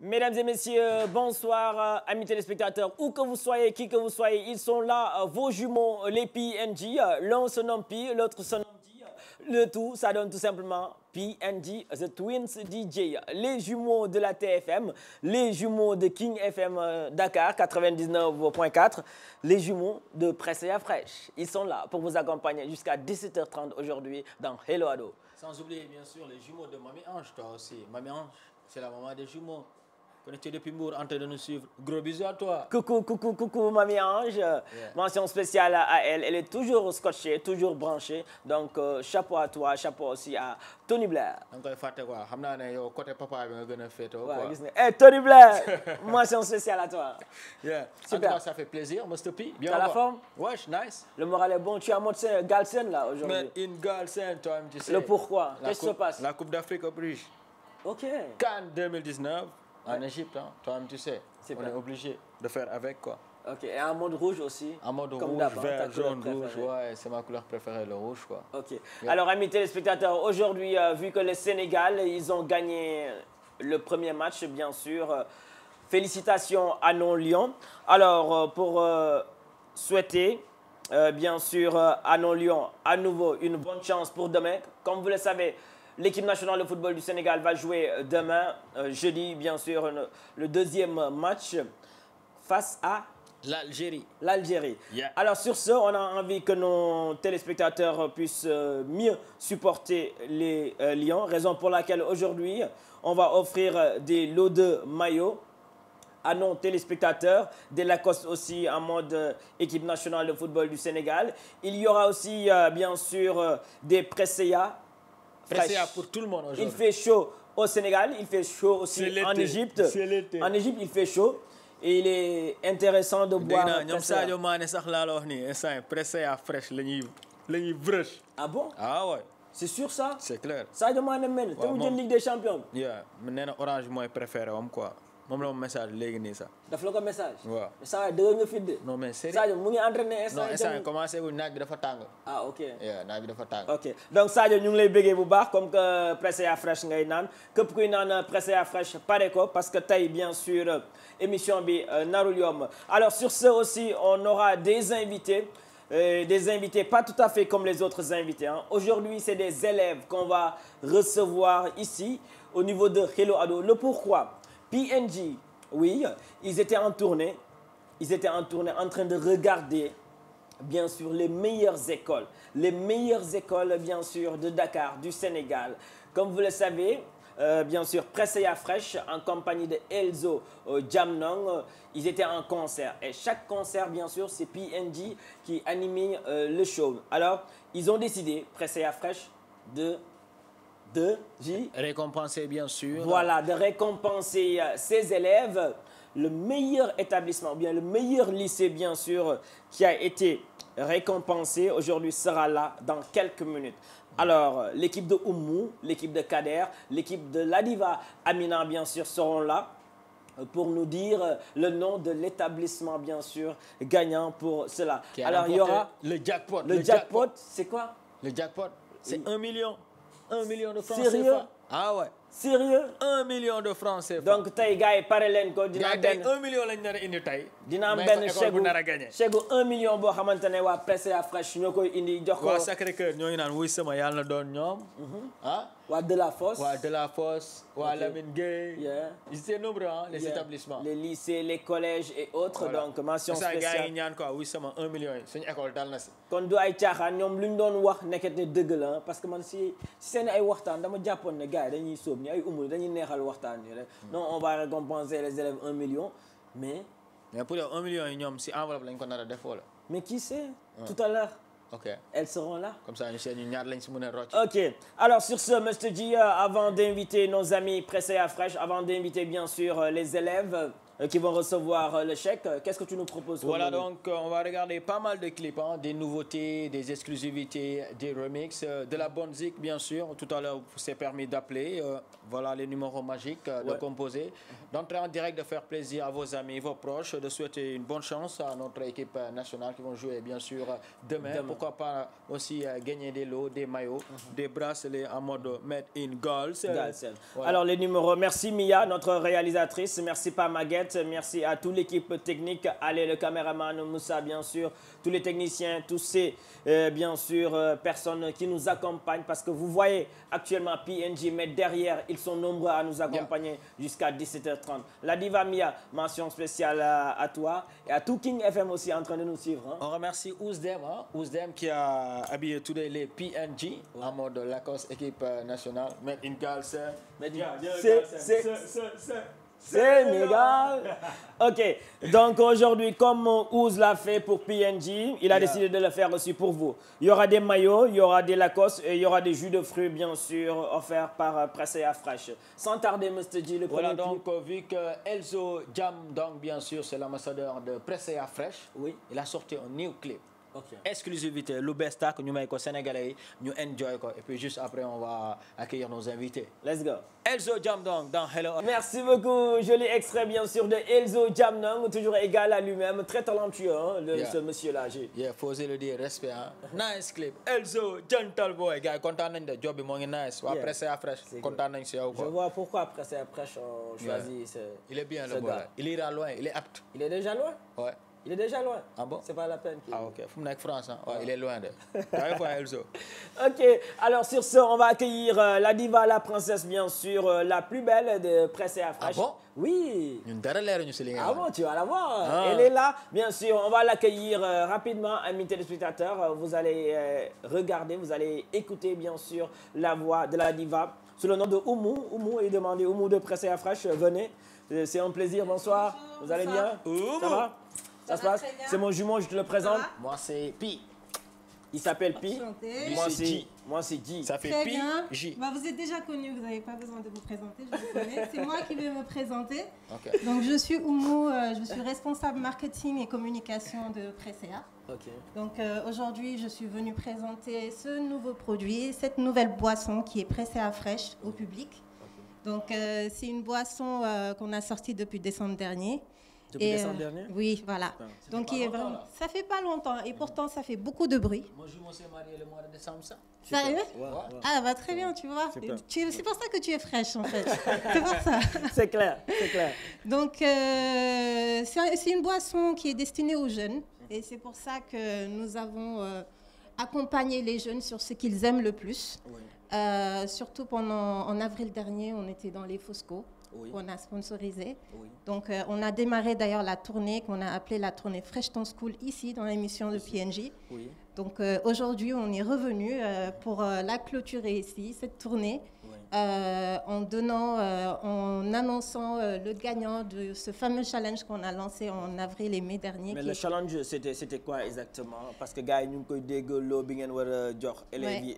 Mesdames et messieurs, bonsoir, euh, amis téléspectateurs, où que vous soyez, qui que vous soyez, ils sont là, euh, vos jumeaux, les PNG, l'un se nomme P, l'autre se nomme le tout, ça donne tout simplement PNG The Twins DJ, les jumeaux de la TFM, les jumeaux de King FM euh, Dakar 99.4, les jumeaux de Presse et Fraîche. Ils sont là pour vous accompagner jusqu'à 17h30 aujourd'hui dans Hello Ado. Sans oublier bien sûr les jumeaux de Mamie Ange, toi aussi. Mamie Ange, c'est la maman des jumeaux. Connecté depuis Mbour, en train de nous suivre. Gros bisous à toi. Coucou, coucou, coucou, mamie Ange. Mention spéciale à elle. Elle est toujours scotchée, toujours branchée. Donc, euh, chapeau à toi, chapeau aussi à Tony Blair. Donc, il faut que côté papa, il Hey, eh, Tony Blair, mention spéciale à toi. Yeah. Super. ça fait plaisir, Mostopi. Bien T'as la forme Wesh, nice. Le moral est bon. Tu as montré Galsen, là, aujourd'hui. Mais in Galsen, toi je tu sais. Le pourquoi Qu'est-ce qui se passe La Coupe d'Afrique au OK. Cannes 2019 en Égypte, hein. toi-même tu sais, on est obligé de faire avec quoi. Ok, et un mode rouge aussi Un mode rouge, hein, vert, jaune, rouge, c'est ma couleur préférée, le rouge quoi. Ok, alors amis téléspectateurs, aujourd'hui, euh, vu que le Sénégal, ils ont gagné le premier match bien sûr, euh, félicitations à nos lions. Alors, euh, pour souhaiter bien sûr à nos lions à nouveau une bonne chance pour demain, comme vous le savez, L'équipe nationale de football du Sénégal va jouer euh, demain, euh, jeudi, bien sûr, le deuxième match face à L'Algérie. L'Algérie. Alors sur ce, on a envie que nos téléspectateurs euh, puissent mieux supporter les Lions, raison pour laquelle aujourd'hui, on va offrir des lots de maillots à nos téléspectateurs, des Lacoste aussi en mode équipe nationale de football du Sénégal. Il y aura aussi, bien sûr, des Presseya pour tout le monde Il fait chaud au Sénégal, il fait chaud aussi en Égypte. En Égypte, il fait chaud. Et il est intéressant de boire. ah bon ah ouais. c'est sûr ça. c'est clair Sadio Mané Tu es la Ligue des champions. yeah mais orange préféré quoi. Je vous un message message. mais ça, non mais c'est... non ah ok yeah bi ok donc Sadio ñu comme que à Fresh ngay fraîche vous kuy à Fresh parce que bien sûr émission bi euh, Narulium. alors sur ce aussi on aura des invités. Euh, des invités pas tout à fait comme les autres invités hein. Aujourd'hui, c'est des élèves qu'on va recevoir ici au niveau de Hello Ado. Le pourquoi? PNG, oui, ils étaient en tournée. Ils étaient en tournée en train de regarder, bien sûr, les meilleures écoles. Les meilleures écoles, bien sûr, de Dakar, du Sénégal. Comme vous le savez, euh, bien sûr, Presseya Fresh, en compagnie de Elzo euh, Jamnong, euh, ils étaient en concert. Et chaque concert, bien sûr, c'est PNG qui animait le show. Alors, ils ont décidé, Presseya Fresh, de Récompenser, bien sûr. Voilà, de récompenser euh, ses élèves. Le meilleur établissement, bien le meilleur lycée, bien sûr, qui a été récompensé aujourd'hui sera là dans quelques minutes. Alors, l'équipe de Oumou, l'équipe de Kader, l'équipe de Ladiva Amina, bien sûr, seront là pour nous dire le nom de l'établissement, bien sûr, gagnant pour cela. Alors, il y aura... Le jackpot. Le, jackpot, c'est quoi Le jackpot, c'est un million. 1 million de francs CFA. ah ouais. sérieux 1 million de francs CFA. donc es gars tu pare ko. 1 million lañ nar indi dina am 1 million à fraîche indi jox Sacré Cœur sama ou de la Fosse. Ou de la Fosse, ou à okay. Gay. Yeah. Ils étaient nombreux, hein, les yeah. établissements. Les lycées, les collèges et autres. Voilà. Donc, mention ça, spéciale. Ça, gagne quoi, oui, seulement 1 million. C'est une école dans la Quand nous avons dit que nous avons dit que nous avons parce que man, si, si c'est une wartan, dans le Japon, les gars, ils sont sombres, ils sont ils sont wartan. Non, on va récompenser les élèves 1 million, mais. Mais pour les 1 million, c'est enveloppe, ils ont dit qu'on a des défauts. Mais qui sait ouais. Tout à l'heure. Elles seront là. Comme ça, Ok. Alors, sur ce, Mr. G, euh, avant d'inviter nos amis pressés à fraîche, avant d'inviter, bien sûr, euh, les élèves, euh, qui vont recevoir euh, le chèque. Euh, qu'est-ce que tu nous proposes Voilà, donc on va regarder pas mal de clips, hein. des nouveautés, des exclusivités, des remixes, de la bonne zik bien sûr. Tout à l'heure, vous s'est permis d'appeler. voilà les numéros magiques de composer. D'entrer en direct, de faire plaisir à vos amis, vos proches, de souhaiter une bonne chance à notre équipe nationale qui vont jouer bien sûr demain. Pourquoi pas aussi gagner des lots, des maillots, mhm. des bracelets en mode Made in Gold. Alors les numéros, merci Mia, notre réalisatrice, merci Maguette. Merci à toute l'équipe technique. Allez, le caméraman Moussa, bien sûr. Tous les techniciens, tous ces, euh, bien sûr, euh, personnes qui nous accompagnent. Parce que vous voyez actuellement PNG, mais derrière, ils sont nombreux à nous accompagner jusqu'à 17h30. La Diva Mia, mention spéciale à, toi. Et à tout King FM aussi en train de nous suivre. Hein. On remercie hein. Ousdem, qui a habillé tous les, PNG en mode Lacoste, équipe euh, nationale. Mais une c'est... c'est Sénégal. Ok, donc aujourd'hui, comme Ouz l'a fait pour PNG, il a décidé de le faire aussi pour vous. Il y aura des maillots, il y aura des Lacoste et il y aura des jus de fruits, bien sûr, offerts par à euh, Fresh. Sans tarder, M. G, le voilà donc, vu euh, que Elzo Jam, donc bien sûr, c'est l'ambassadeur de à Fresh, oui. il a sorti un new clip exclusivité le best tàkk ñu may ko sénégalais nous ñu enjoy ko et puis juste après on va accueillir nos invités. let's go Elzo Jamdong dans Hello. merci beaucoup joli extrait bien sûr de Elzo Jamdong toujours égal à lui-même très talentueux hein, le, ce monsieur là il yeah faut oser le dire respect hein. nice clip Elzo gentle boy gars content de job il est nice. Après Presse à Fraîche content nañu si je vois pourquoi Presse à Fraîche on choisit il est bien le boy il ira loin il est apte. il est déjà loin. Ouais. Il est déjà loin. Ah bon C'est pas la peine. Ah ok. Faut avec France. Hein. Ouais, Il est loin de. ok. Alors sur ce, on va accueillir euh, la diva, la princesse, bien sûr, euh, la plus belle de Presse et Afrache. Ah bon Oui. Ah bon, tu vas la voir. Ah. Elle est là. Bien sûr, on va l'accueillir euh, rapidement, amis téléspectateurs. Vous allez regarder, vous allez écouter, bien sûr, la voix de la diva sous le nom de Oumou. Oumou il demandé. Oumou de Presse et Afrache, venez. C'est un plaisir. Bonsoir. vous allez bien Oumou. Ça va ça, se passe C'est mon jumeau, je te le présente. Moi, c'est Pi. Il s'appelle Pi. Moi, c'est Guy. Moi, c'est Ça fait Pi, J. Bah, vous êtes déjà connu, vous n'avez pas besoin de vous présenter, je vous connais. c'est moi qui vais me présenter. Donc, je suis Oumu, euh, je suis responsable marketing et communication de Presea. Donc, euh, aujourd'hui, je suis venue présenter ce nouveau produit, cette nouvelle boisson qui est Presea fraîche au public. Donc, euh, c'est une boisson qu'on a sortie depuis décembre dernier. Euh, oui, voilà. ça Donc, il est ça fait pas longtemps et mm-hmm. pourtant, ça fait beaucoup de bruit. Moi, je marié le mois de décembre, ça. Sérieux Ah, bah, très bien, tu vois. C'est pour ça que tu es fraîche, en fait. c'est pour ça. C'est clair, c'est clair. Donc, euh, c'est une boisson qui est destinée aux jeunes. Et c'est pour ça que nous avons euh, accompagné les jeunes sur ce qu'ils aiment le plus. surtout pendant, en avril dernier, on était dans les Fosco. On qu'on a sponsorisé. Donc, euh, on a démarré d'ailleurs la tournée qu'on a appelée la tournée Fresh Ton School ici, dans l'émission de PNJ. Donc, euh, aujourd'hui, on est revenu euh, pour la clôturer ici, cette tournée. Euh, en donnant, euh, en annonçant euh, le gagnant de ce fameux challenge qu'on a lancé en avril et mai dernier. Mais le challenge, c'était quoi exactement Parce que gars, nous avons des lobbying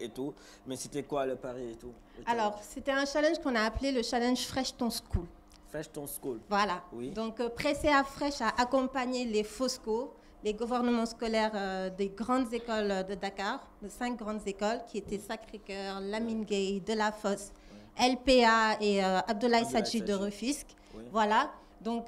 et tout. Mais c'était quoi le pari et tout Alors, c'était un challenge qu'on a appelé le challenge Fresh Ton School. Fresh Ton School. Voilà. Oui. Donc, pressé à Fresh à accompagner les FOSCO les gouvernements scolaires euh, des grandes écoles euh, de Dakar, de cinq grandes écoles qui étaient Sacré-Cœur, Lamine De La Fosse, LPA et euh, Abdoulaye Sadji de Refisque. Voilà. Donc,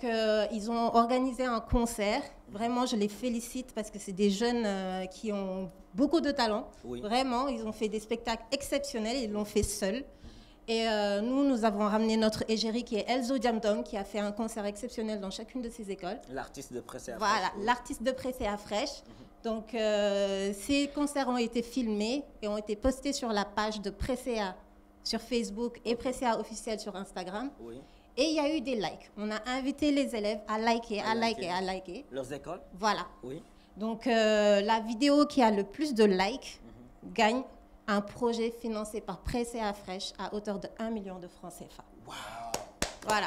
ils ont organisé un concert. Vraiment, je les félicite parce que c'est des jeunes qui ont beaucoup de talent. Vraiment, ils ont fait des spectacles exceptionnels. Ils l'ont fait seuls. Et euh, nous, nous avons ramené notre égérie qui est Elzo Diamdong, qui a fait un concert exceptionnel dans chacune de ses écoles. L'artiste de Pressea Voilà, l'artiste de pressé fraîche. Mhm. Donc, euh, ces concerts ont été filmés et ont été postés sur la page de Pressea sur Facebook et Pressea officiel sur Instagram. Oui. Et il y a eu des likes. On a invité les élèves à liker, à, liker, à liker. Leurs écoles Voilà. Oui. Donc, euh, la vidéo qui a le plus de likes mhm. gagne un projet financé par Pressé à Fraîche à hauteur de 1 million de francs CFA. Wow. Voilà.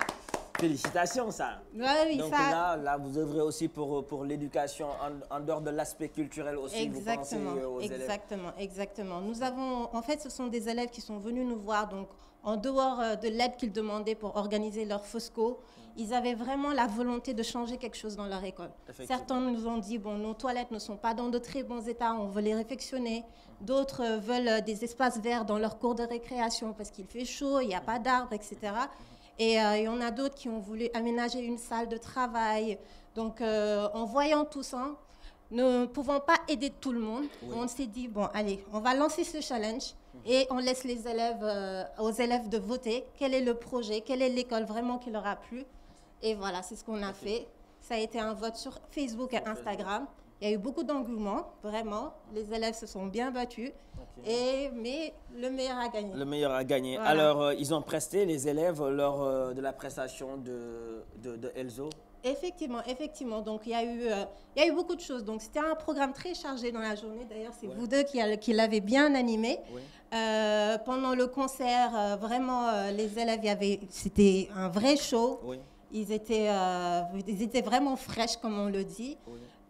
Félicitations, ça. Ouais, oui, Donc Là, là, vous œuvrez aussi pour, euh, pour l'éducation en, dehors de l'aspect culturel aussi. Exactement, euh, exactement, exactement. Nous avons, en fait, ce sont des élèves qui sont venus nous voir. Donc, en dehors euh, de l'aide qu'ils demandaient pour organiser leur FOSCO, ils avaient vraiment la volonté de changer quelque chose dans leur école. Certains nous ont dit, bon, nos toilettes ne sont pas dans de très bons états, on veut les réfectionner. D'autres euh, veulent euh, des espaces verts dans leur cours de récréation parce qu'il fait chaud, il n'y a pas d'arbres, etc. Et on il y en a d'autres qui ont voulu aménager une salle de travail. Donc, en voyant tout ça, ne pouvons pas aider tout le monde. On s'est dit, bon, allez, on va lancer ce challenge et on laisse les élèves, euh, aux élèves de voter quel est le projet, quelle est l'école vraiment qui leur a plu. Et voilà, c'est ce qu'on a fait. Ça a été un vote sur Facebook et Instagram. Il y a eu beaucoup d'engouement, vraiment. Les élèves se sont bien battus. Et, mais le meilleur a gagné. Le meilleur a gagné. Alors, euh, ils ont presté, les élèves, lors euh, de la prestation de, de, de Elzo Effectivement, effectivement. Donc, il y, a eu, euh, eu beaucoup de choses. Donc, c'était un programme très chargé dans la journée. D'ailleurs, c'est vous deux qui, l'avez bien animé. Euh, pendant le concert, euh, vraiment, les élèves, c'était un vrai show. Ils, étaient, ils étaient vraiment fraîches, comme on le dit.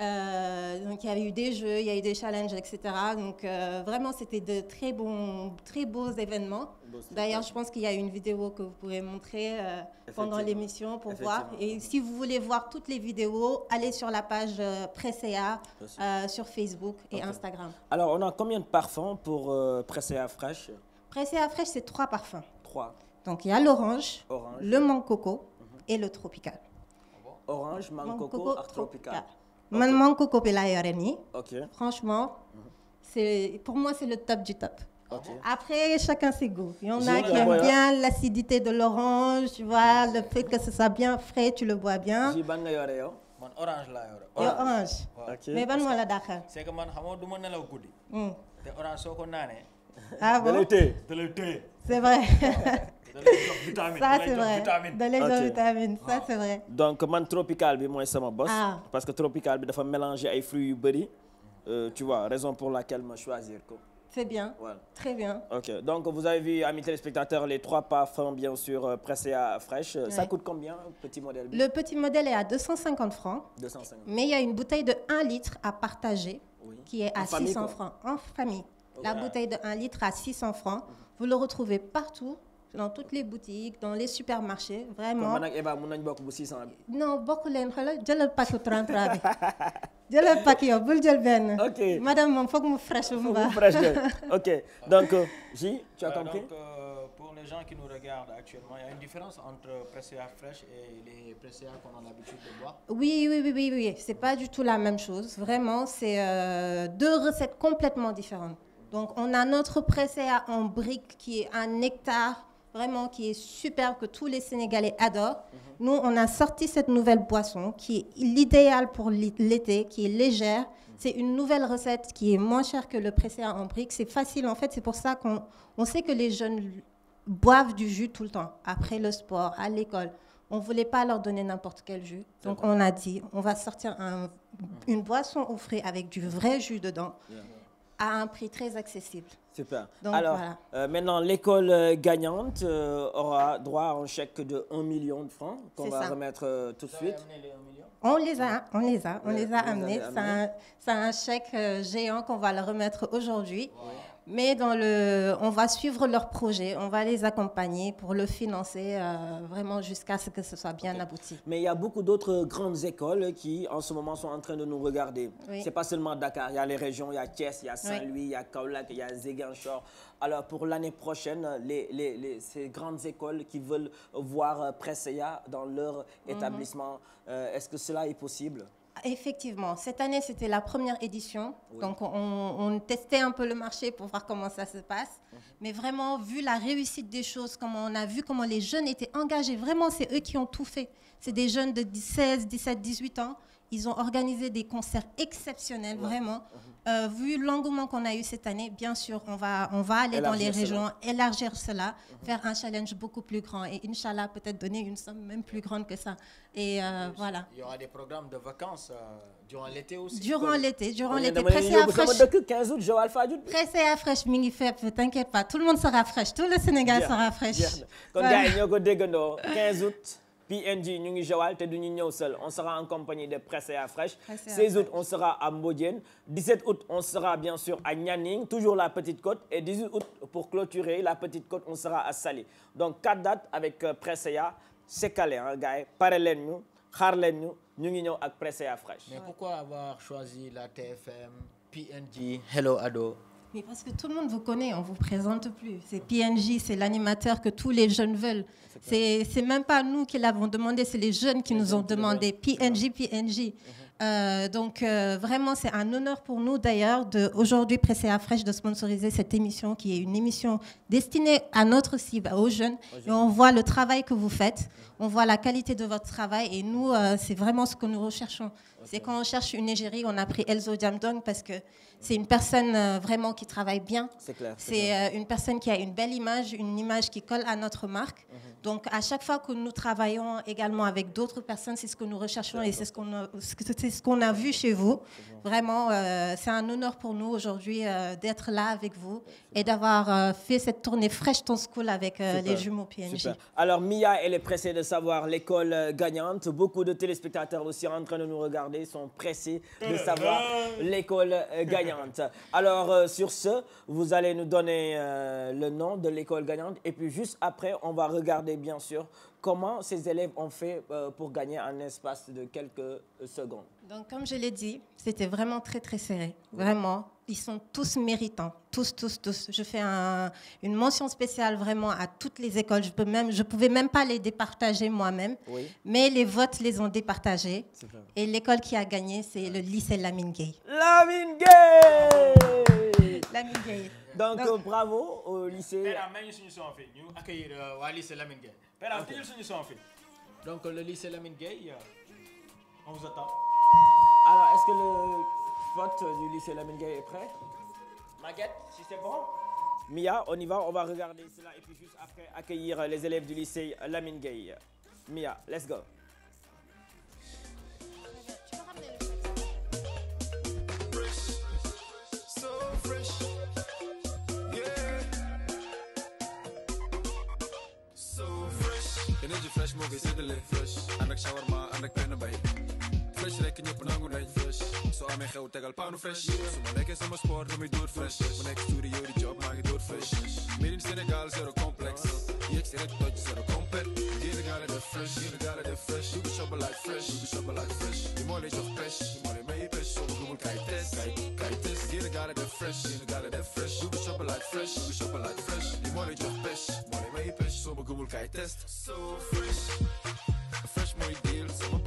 Euh, donc il y avait eu des jeux, il y a eu des challenges, etc. Donc euh, vraiment, c'était de très bons, très beaux événements. D'ailleurs, je pense qu'il y a une vidéo que vous pourrez montrer euh, pendant l'émission pour voir. Et si vous voulez voir toutes les vidéos, allez sur la page Presséa sur Facebook et Instagram. Alors, on a combien de parfums pour Presséa Fresh Presséa fraîche c'est trois parfums. Trois. Donc il y a l'orange, le mancoco coco mhm. et le tropical. Orange, mancoco, coco, art tropical man manko copie yoreni. yore franchement c'est pour moi c'est le top du top. Okay. Après, chacun ses goûts. Il y en a qui aiment bien l'acidité de l'orange, tu vois, le fait que ce soit bien frais, tu le bois bien. ban Man orange la yo. Orange. Mais ban moi la dakha. C'est que man xamou duma nelaw goudi. Hmm. Té orange soko nané. Ah bon? De l'été. De l'été. C'est vrai. ça c'est vrai ça c'est vrai. donc man tropical bi c'est boss ah. parce que tropical il faut mélanger les fruits euh, tu vois raison pour laquelle je choisir c'est bien très bien. ok donc vous avez vu amis téléspectateurs les trois parfums bien sûr euh, pressés à fraîche. ça coûte combien petit modèle le petit modèle est à 250 francs. 250 mais il y a une bouteille de 1 litre à partager. qui est à 600 francs en famille. La bouteille de 1 litre à 600 francs. Mhm. Vous le retrouvez partout dans toutes les boutiques dans les supermarchés vraiment. Non, beaucoup ak Eva mën beaucoup bokk bu 600 bi. non je ne le jëlal pas 33 Je le pàcc je madame mon faut que fraîche vous mu fraîche ok donc euh, J tu as compris. Euh, pour les gens qui nous regardent actuellement, il y a une différence entre à fraîche et les pressia qu'on a l'habitude de boire Oui, oui, oui, oui, oui. c'est pas du tout la même chose. Vraiment, c'est euh, deux recettes complètement différentes. Donc, on a notre pressia en brique qui est un hectare vraiment qui est superbe, que tous les Sénégalais adorent. Nous, on a sorti cette nouvelle boisson qui est l'idéal pour l'été, qui est légère. C'est une nouvelle recette qui est moins chère que le pressé en briques. C'est facile, en fait. C'est pour ça qu'on on sait que les jeunes boivent du jus tout le temps, après le sport, à l'école. On ne voulait pas leur donner n'importe quel jus. Donc, on a dit, on va sortir une boisson au frais avec du vrai jus dedans à un prix très accessible. Super. Alors, euh, maintenant, l'école euh, gagnante euh, aura droit à un chèque de 1 million de francs qu'on va remettre tout de suite. on les a, on les a, on les a amenés. C'est un, chèque géant qu'on va le remettre aujourd'hui. Mais dans le, on va suivre leur projet, on va les accompagner pour le financer euh, vraiment jusqu'à ce que ce soit bien abouti. Mais il y a beaucoup d'autres grandes écoles qui, en ce moment, sont en train de nous regarder. Ce n'est pas seulement Dakar, il y a les régions, il y a Thiès, il y a Saint-Louis, il y a Kaulak, il y a Zéganchor. Alors, pour l'année prochaine, les, ces grandes écoles qui veulent voir Presseya dans leur mhm. établissement, euh, est-ce que cela est possible Effectivement, cette année c'était la première édition, donc on, testait un peu le marché pour voir comment ça se passe. Mhm. Mais vraiment, vu la réussite des choses, comment on a vu comment les jeunes étaient engagés, vraiment c'est eux qui ont tout fait. C'est des jeunes de 16, 17, 18 ans. Ils ont organisé des concerts exceptionnels, vraiment. Mhm. Euh, vu l'engouement qu'on a eu cette année, bien sûr, on va, on va aller dans les régions, élargir cela, mhm. faire un challenge beaucoup plus grand et Inch'Allah, peut-être donner une somme même plus grande que ça. Et euh, voilà. Il y aura des programmes de vacances euh, durant l'été aussi Durant l'été, durant l'été. Pressé à fraîche. 15 Pressé à fraîche, Mingi t'inquiète pas, tout le monde sera fraîche, tout le Sénégal sera fraîche. 15 août. PNG ñu ngi on sera en compagnie de à Fraîche. 16 août on sera à Mbodien. 17 août on sera bien sûr à Nyaning, toujours la Petite Côte et 18 août pour clôturer la Petite Côte on sera à Sali. donc quatre dates avec euh, pressea c'est calé hein gars paré nous nous nous nous, nous ñu ñu mais pourquoi avoir choisi la TFM PNG Hello Ado parce que tout le monde vous connaît, on ne vous présente plus. C'est PNG, c'est l'animateur que tous les jeunes veulent. C'est n'est même pas nous qui l'avons demandé, c'est les jeunes qui nous ont demandé. PNG, PNJ. Mhm. Euh, donc euh, vraiment, c'est un honneur pour nous d'ailleurs aujourd'hui à fraîche de sponsoriser cette émission qui est une émission destinée à notre cible, aux jeunes. Et on voit le travail que vous faites on voit la qualité de votre travail et nous, euh, c'est vraiment ce que nous recherchons. C'est quand on cherche une égérie, on a pris Elzo Diamdong parce que c'est une personne euh, vraiment qui travaille bien. C'est clair. C'est euh, une personne qui a une belle image, une image qui colle à notre marque. Mhm. Donc à chaque fois que nous travaillons également avec d'autres personnes, c'est ce que nous recherchons et c'est ce qu'on a, ce a vu chez vous. Vraiment, c'est un honneur pour nous aujourd'hui d'être là avec vous et d'avoir fait cette tournée Fresh Ton School avec les jumeaux PNJ. Alors Mia, elle est précédente savoir l'école gagnante. Beaucoup de téléspectateurs aussi en train de nous regarder sont pressés de eh savoir l'école euh, gagnante. Alors, euh, sur ce, vous allez nous donner euh, le nom de l'école gagnante. Et puis, juste après, on va regarder, bien sûr, comment ces élèves ont fait pour gagner un espace de quelques secondes. Donc, comme je l'ai dit, c'était vraiment très, très serré. Vraiment, ils sont tous méritants, tous, tous, tous. Je fais une mention spéciale vraiment à toutes les écoles. Je peux même, je pouvais même pas les départager moi-même, mais les votes les ont départagés. Et l'école qui a gagné, c'est le lycée Lamine Gay. Lamine Gay. Lamine Gay. Donc, bravo au lycée. Euh, Lamine Donc le lycée Lamine Gay, euh, on vous attend. Alors est-ce que le pote du lycée Lamingay est prêt Maguette, si c'est bon Mia, on y va, on va regarder cela et puis juste après accueillir les élèves du lycée Lamingay. Mia, let's go so fresh, So mo a du fresh fresh Anak shawarma, anak pinabay fresh, rekken je panango na je flush. Zo aan mijn geld, tegen al pano fresh. Zo mijn lekker is mijn sport, doe me door fresh. Mijn ex stuurde die job, maak je door fresh. Meer in Senegal, zero complex. Je ex direct tot zero compet. Jullie galen de fresh, jullie galen de fresh. Doe de shoppen like fresh, doe de shoppen like fresh. Die molle is nog pes, je molle mee je pes. Sommige noemen kijk test, kijk test. Jullie galen de fresh, jullie galen de fresh. Doe de shoppen like fresh, doe de shoppen like fresh. Die molle is nog pes, molle mee je pes. Sommige noemen kijk So fresh, fresh mooi deal, sommige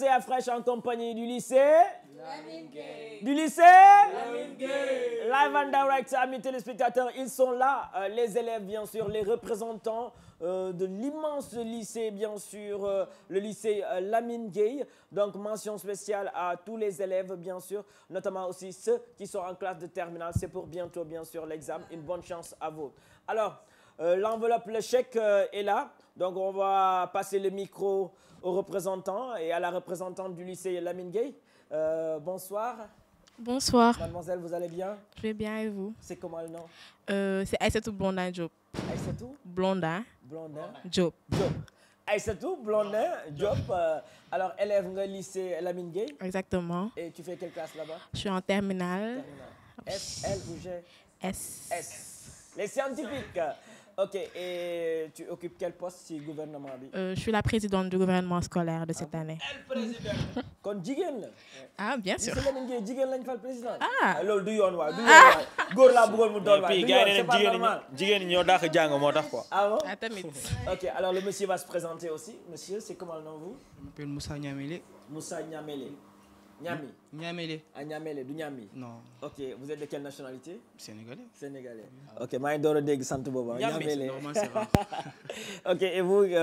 et à fraîche en compagnie du lycée. Du lycée Live and direct, amis téléspectateurs, ils sont là, euh, les élèves bien sûr, les représentants euh, de l'immense lycée bien sûr, euh, le lycée Lamine Gay. Donc mention spéciale à tous les élèves bien sûr, notamment aussi ceux qui sont en classe de terminale. C'est pour bientôt bien sûr l'examen. Une bonne chance à vous. Alors, l'enveloppe, le chèque est là. Donc on va passer le micro au représentants et à la représentante du lycée Lamine Gay. Euh, bonsoir. Bonsoir. Mademoiselle, vous allez bien Je vais bien et vous C'est comment le nom euh, C'est Aïssatou Blondin Job. Aïssatou Blondin. Blondin. Job. Job. Aïssatou Blondin Job. Euh, alors, élève du lycée Lamine Gay. Exactement. Et tu fais quelle classe là-bas Je suis en terminale. S, L ou G S. S. Les scientifiques. Ok, et tu occupes quel poste si gouvernement euh, Je suis la présidente du gouvernement scolaire de cette année. Elle présidente Kon Ah, bien sûr. C'est le président. Ah, loolu du du ah. mu Ah bon Ah Ok, alors le monsieur va se présenter aussi. Monsieur, c'est comment le nom vous Je m'appelle Moussa Niamele. Moussa Niamele. Niami Niamélé. Ah, Niamélé, du Niami Non. Ok, vous êtes de quelle nationalité Sénégalais. Sénégalais. Ok, je Doro Deg Santuboba. Ah, Niamélé. Normal, c'est vrai. ok, et vous, euh,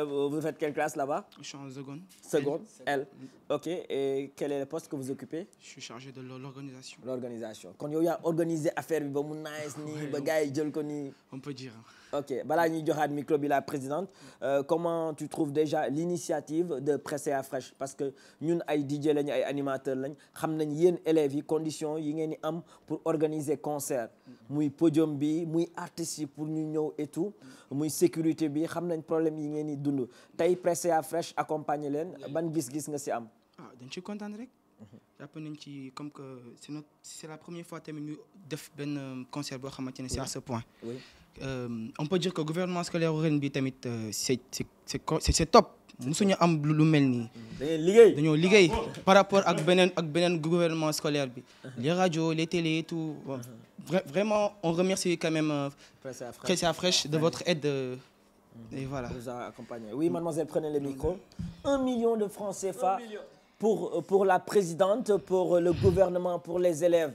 euh, vous faites quelle classe là-bas Je suis en seconde. Seconde elle. Ok, et quel est le poste que vous occupez Je suis chargé de l'organisation. L'organisation. Quand y a organisé affaire, vous avez nice, vous avez On peut dire. Hein ok balaa ñuy joxaat micro bi la présidente euh, comment tu trouves déjà l'initiative de Presser à Fraîche parce que ñun ay DJ les ay animateur lañ xam nañ yéen élèves yi conditions yi ngeen di am pour organiser concert muy podium bi muy artistes yi pour ñu ñëw et tout muy sécurité bi xam nañ problème yi ngeen di dund tey Presser à Fraîche accompagner leen ban gis-gis nga si am ah dañ ci content, rek jàpp nañ ci comme que c'est notre c'est la première fois nous ñu def un concert boo xamante ne c'est à ce point oui. Euh, on peut dire que le gouvernement scolaire au bi euh, c'est c'est c'est top Nous am lu par rapport à le gouvernement scolaire les radios les télé tout vraiment on remercie quand même euh, Presse Fraîche de votre aide et voilà vous a oui mademoiselle prenez le micro un million de francs CFA pour pour la présidente pour le gouvernement pour les élèves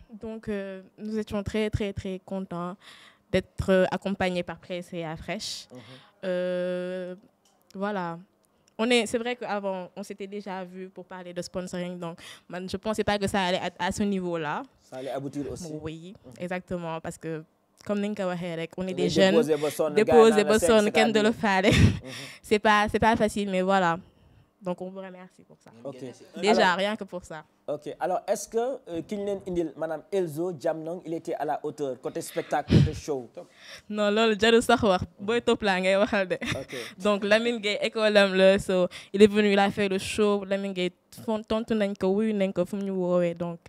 Donc, euh, nous étions très, très, très contents d'être accompagnés par Presse et Afresh. Mhm. Euh, voilà. On est, c'est vrai qu'avant, on s'était déjà vu pour parler de sponsoring, donc je ne pensais pas que ça allait être à ce niveau-là. Ça allait aboutir aussi. Oui, mhm. exactement, parce que comme Ninka on est des jeunes, déposer personne, personne, de le faire. C'est pas, c'est pas facile, mais voilà. Donc, on vous remercie pour ça. Déjà, rien que pour ça. OK. Alors, est-ce que euh, Madame Elzo Jamnong, il était à la hauteur côté spectacle, côté show Non, lol, j'ai ça wax. Mm. Boy top la Donc, Lamine Gay école le so, il est venu là faire le show, Lamine Gay tontu nañ ko wuyu Il est fum ñu donc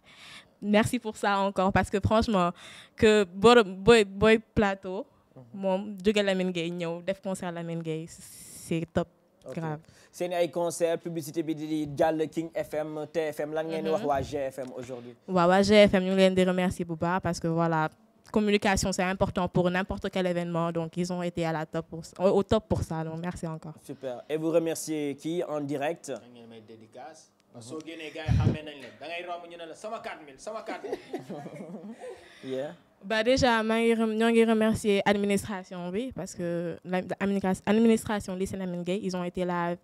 merci pour ça encore parce que franchement que boy boy plateau mom mm-hmm. joge Lamine Gay ñew def concert Lamine Gay c'est top grave un concert publicité bi Dial King FM TFM lan GFM mhm. aujourd'hui Wajé FM GFM ñu ngi remercier Bouba parce que voilà communication c'est important pour n'importe quel événement donc ils ont été au top pour ça donc merci encore. super et vous remerciez qui en direct. Bah déjà, nous remercier l'administration, parce que l'administration, les Sénégalais ils ont été là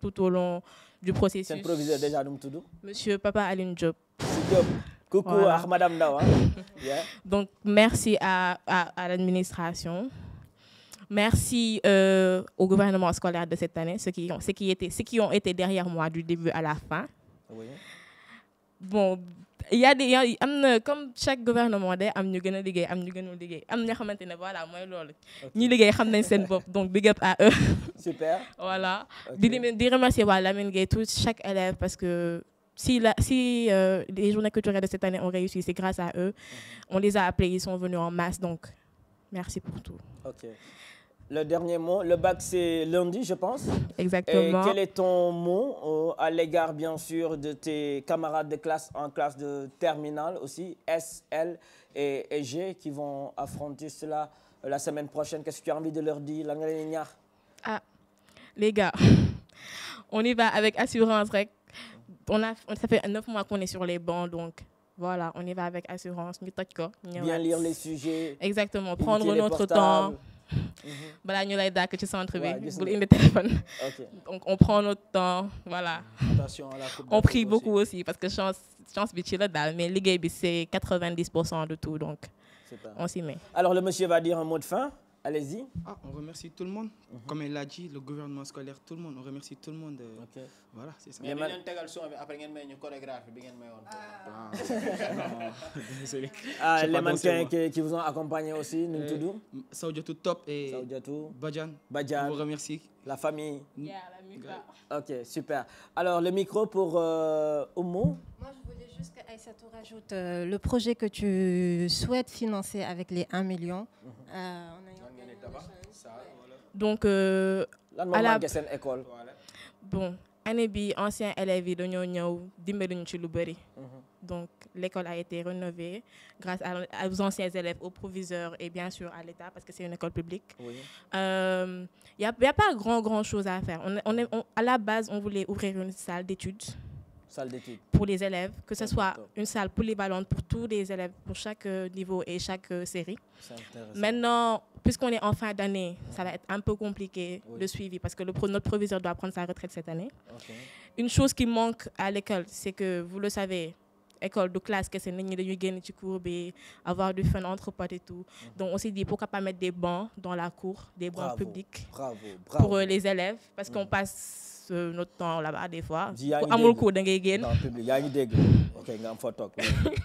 tout au long du processus. C'est déjà, Monsieur Papa Aline Job. Coucou à Madame Dawa. Donc, merci à, à, l'administration. Merci euh, au gouvernement scolaire de cette année, ceux qui, ont, ceux qui, étaient, ceux qui ont été derrière moi du début à la fin. Bon, il y a des comme chaque gouvernement day am ñu gëna a liggéey am ñu gënul liggéey am ñoo xamante voilà moy lolu ñi liggéey xam nañ seen bop donc big up à eux. super voilà di di remercier wa Lamine Gay tout chaque élève parce que si si euh, les journées culturelles de cette année ont réussi c'est grâce à eux mhm. on les a appelés ils sont venus en masse donc merci pour tout. ok le dernier mot, le bac c'est lundi, je pense. Exactement. Et quel est ton mot euh, à l'égard, bien sûr, de tes camarades de classe en classe de terminale aussi, S, L et, G, qui vont affronter cela euh, la semaine prochaine Qu'est-ce que tu as envie de leur dire, Ah, les gars, on y va avec assurance, On a, ça fait neuf mois qu'on est sur les bancs, donc voilà, on y va avec assurance. Bien lire les sujets. Exactement, prendre notre temps voilà mm-hmm. ñu lay téléphone. donc on prend notre temps voilà. on prie beaucoup aussi parce que chance chance bi là mais ligue c'est 90 de tout donc. on s'y met. alors le monsieur va dire un mot de fin. Allez-y. Ah, on remercie tout le monde. Mhm. Comme elle l'a dit, le gouvernement scolaire, tout le monde. On remercie tout le monde. Euh, voilà, c'est ça. les mannequins qui, vous ont accompagné aussi, nous tout doux. Saoudiatou Top et Saoudiatou. Badjan. On vous remercie. La famille. Ok, super. Alors, le micro pour euh, Oumou. Moi, je voulais juste que te rajoute euh, le projet que tu souhaites financer avec les 1 million. Mhm. Euh, on donc euh, à la école bon année bi mhm. donc l'école a été rénovée grâce aux anciens élèves aux proviseurs et bien sûr à l'État parce que c'est une école publique il n'y euh, a pas grand grand chose à faire on, à la base on voulait ouvrir une salle d'études pour les élèves, que ce soit une salle pour les polyvalente pour tous les élèves, pour chaque euh, niveau et chaque euh, série. Maintenant, puisqu'on est en fin d'année, ça va être un peu compliqué le suivi parce que le, notre proviseur doit prendre sa retraite cette année. Une chose qui manque à l'école, c'est que vous le savez, école de classe que c'est ci cours avoir du fun entre potes et tout mm-hmm. donc on s'est dit pourquoi pas mettre des bancs dans la cour des bancs publics pour euh, les élèves parce qu'on mm-hmm. passe euh, notre temps là-bas des fois a cours il y a ok y a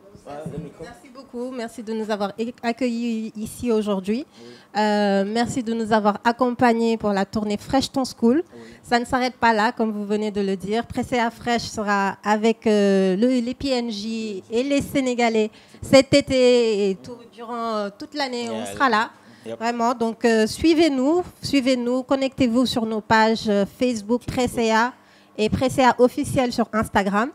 Merci beaucoup. Merci de nous avoir accueillis ici aujourd'hui. Euh, merci de nous avoir accompagnés pour la tournée Fresh Ton School. Ça ne s'arrête pas là, comme vous venez de le dire. Pressé à Fresh sera avec euh, les PNJ et les Sénégalais cet été et durant euh, toute l'année. On sera là. Vraiment, donc suivez-nous, suivez-nous, connectez-vous sur nos pages Facebook Presséa et Presséa officiel sur Instagram.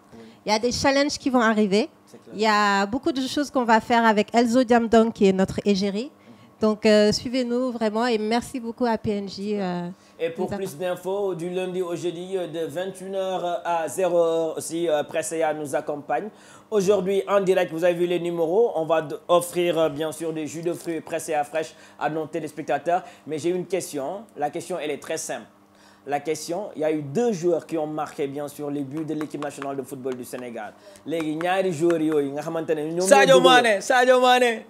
Il y a des challenges qui vont arriver. Il y a beaucoup de choses qu'on va faire avec Elzo Diamdong, qui est notre égérie. Donc euh, suivez-nous vraiment et merci beaucoup à PNJ. Euh, et pour plus d'infos, du lundi au jeudi, euh, de 21h à 0h aussi, Pressea nous accompagne. Aujourd'hui, en direct, vous avez vu les numéros. On va offrir bien sûr des jus de fruits Pressea fraîches à nos téléspectateurs. Mais j'ai une question. La question, elle est très simple la question il y a eu deux joueurs qui ont marqué bien sûr les buts de l'équipe nationale de football du Sénégal Les ñaari joueurs yooyu nga xamante ne Sadio Mané Sadio Mané.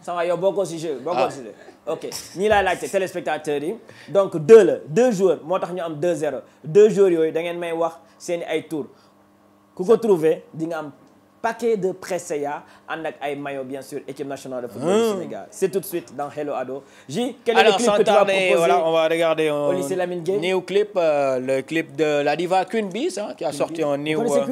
ça va il y a beaucoup de boo ko si ok Ni la laajte téléspectateurs donc deux deux joueurs Moi, tax ñu am deux deux joueurs yooyu da ngeen may wax un tour ku ko trouvé paquet de presseya Andak bien sûr équipe nationale de football du ah. Sénégal c'est tout de suite dans Hello Ado J quel est le clip que tu vas voilà on va regarder un new clip euh, le clip de la diva Queen hein, qui a sorti un new euh,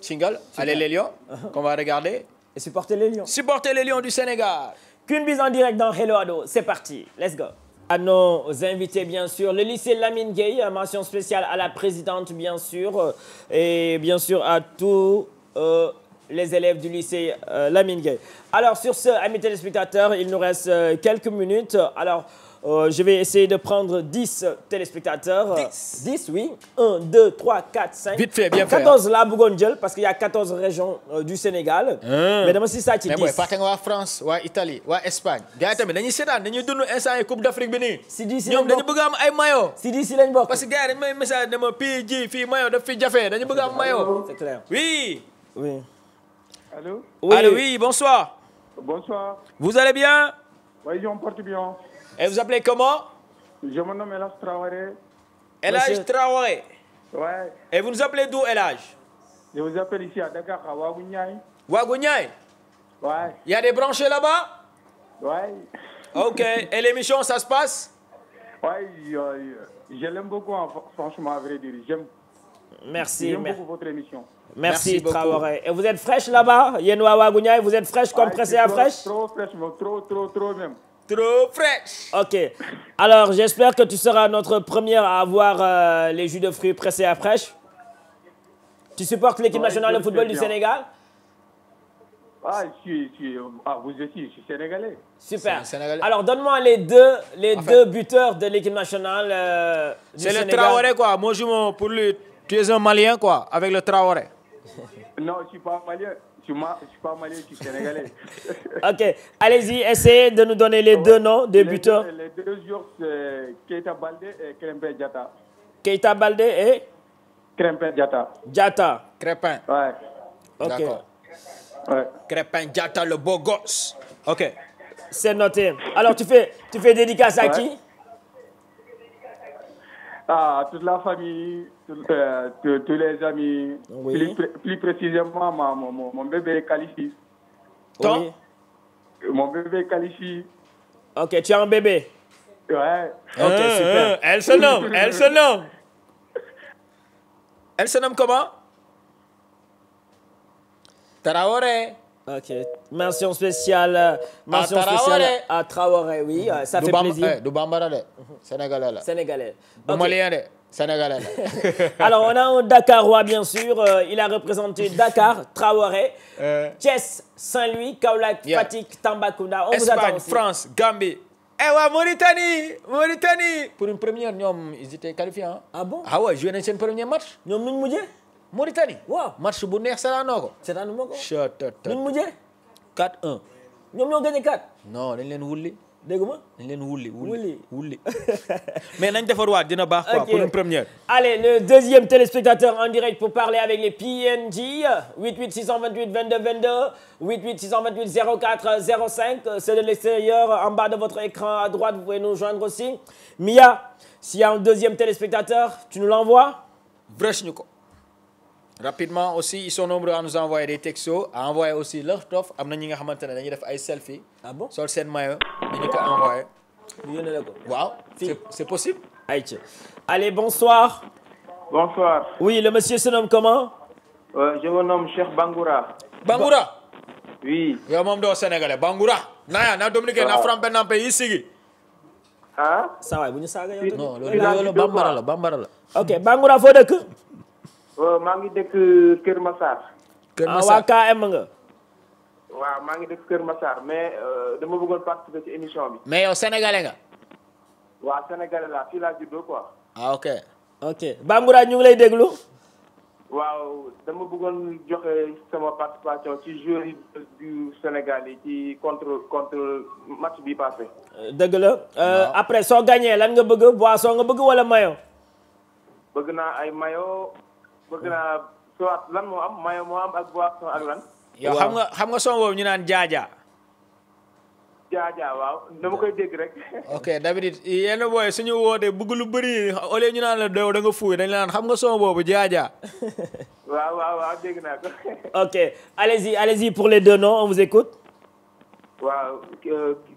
single Allez les Lions uh-huh. qu'on va regarder et supporter les Lions supporter les Lions du Sénégal Queen bise en direct dans Hello Ado c'est parti let's go à nos invités, bien sûr. Le lycée Lamine Gay, euh, mention spéciale à la présidente, bien sûr. Et bien sûr, à tous les élèves du lycée euh, Lamine Alors sur ce, amis téléspectateurs, il nous reste euh, quelques minutes. Alors euh, je vais essayer de prendre 10 téléspectateurs. 10 10, euh, oui. 1, 2, 3, 4, 5. Vite fait, bien 14 fait. Hein. là, Bougonjel, parce qu'il y a 14 régions euh, du Sénégal. Ah. Mais demain, si ça tu 10. Mais parti nga waa France ouais, Italie ouais, Espagne. gars yi tamit dañuy seetaan dañuy dund instant Coupe d'Afrique bi si di si lañ bokk ñoom dañu bëgg am ay maillot. si di si lañ bokk parce que gars yi dañu may message ne ma fii ji maillot daf fi jafe dañu bëgg am maillot. c'est clair oui. oui. Allô oui. Allô, oui, bonsoir. Bonsoir. Vous allez bien Oui, je me porte bien. Et vous appelez comment Je me nomme Elage Traoré. Elage Traoré Oui. Et vous nous appelez d'où, Elage Je vous appelle ici à Dakar, à Wagouniaï. Wagouniaï Oui. Il y a des branchés là-bas Oui. Ok. Et l'émission, ça se passe Oui, je, l'aime beaucoup, hein, franchement, à vrai dire. J'aime. Merci. J'aime beaucoup votre émission. Merci, Traoré. Et vous êtes fraîche là-bas, Yenoua Wagunya, vous êtes fraîche comme pressé à fraîche Trop fraîche, trop, trop, trop même. Trop fraîche. Ok. Alors, j'espère que tu seras notre première à avoir euh, les jus de fruits pressés à fraîche. Tu supportes l'équipe nationale de football du Sénégal ah, je suis, ah, vous aussi, je suis sénégalais. Super. Alors, donne-moi les deux, les deux buteurs de l'équipe nationale euh, du Sénégal. C'est le Traoré, quoi. Moi, je pour lui. Tu es un Malien, quoi, avec le Traoré. Non, je ne suis pas malien. Je ne suis pas malien, je suis sénégalais. ok. Allez-y, essayez de nous donner les deux noms de buteurs. les deux joueurs, c'est Keita Balde et Krempe Diata. Keita Balde et Krempe Diata. Diata. Crépin. Ouais. Ok. Ouais. Crépin Diata, le beau gosse. Ok. C'est noté. Alors, tu fais, tu fais dédicace à qui ah, À toute la famille tous euh, les amis, plus, précisément ma, mon, mon, bébé Kalichi. Oui. Mon bébé qualifié. Ok, tu as un bébé Ouais. Ok, ah, super. Ah. elle se nomme, elle se nomme. Elle se nomme comment Traoré. Ok. Mention spéciale. Euh, mention à ah, Spéciale à Traoré, oui. Euh, ça fait plaisir. Eh, du Bambara, Sénégalais. Là. Sénégalais. Okay. Sénégalais. Alors, on a un Dakarois, bien sûr. Euh, il a représenté Dakar, Traoré, euh... Saint-Louis, Kaulak, Fatik, Tambacounda. On Espagne, vous attend France, Gambie. Eh ouais, Mauritanie, Mauritanie. Pour une première, ils étaient qualifiés. Hein. Ah bon Ah ouais, joué dans une première match. Ils ont Mauritanie. Wow. Match bu neex seetaanoo ko. C'est un ko. Shut up. Ñu mujjee. 4-1. nous, ñoo gagné 4. non dañ leen wulli wulli wulli mais dina quoi pour une première allez le deuxième téléspectateur en direct pour parler avec les PNJ 88628 628 22 22 628 c'est de l'extérieur en bas de votre écran à droite vous pouvez nous joindre aussi Mia s'il y a un deuxième téléspectateur tu nous l'envoies brèche rapidement aussi ils sont nombreux à nous envoyer des textos à envoyer aussi leur profs am ñi nga xamantene dañuy def ay selfie ah bon sol seen maillot di ñu ko envoyé. ñu ko waaw. c'est possible. allez bonsoir. bonsoir. oui le monsieur se nomme comment. Euh, je me nomme Cheikh Bangoura. Bangoura. oui. yow mom do sénégalais Bangoura. naa na dominicain na franc benn pays sigi. ah. ça va bu ñu saga yow. non le bambara la bambara ok Bangoura vous êtes maa ngi dëkk Kër Massar. Kër ah, Massar waa KM nga. waaw maa ngi dëkk Kër Massar mais euh, dama bëggoon participer émission bi. mais yow sénégalais nga. waa sénégalais la fii laa juddoo quoi. ah ok ok Bamboura ñu ngi lay déglu. waaw dama bëggoon joxe sama participation ci joueur yi du Sénégal yi ci contre contre match bi passé. Euh, dëgg la euh, après soo gagné lan nga bëgg boisson nga bëgg wala maillot. bëgg naa ay maillot. bëgg naa soit lan moo am mayo moo am ak boisson ak lan. yow xam nga xam nga son boobu ñu naan jaaja. jaaja waaw dama koy dégg rek. ok d'habitude yenn booy suñu wootee bëgg lu bëri au lieu ñu naan la dow da nga fuuy dañ la naan xam nga son boobu jaaja. waaw waaw waaw dégg naa ko. ok allez-y allez-y pour les deux noms on vous écoute. waaw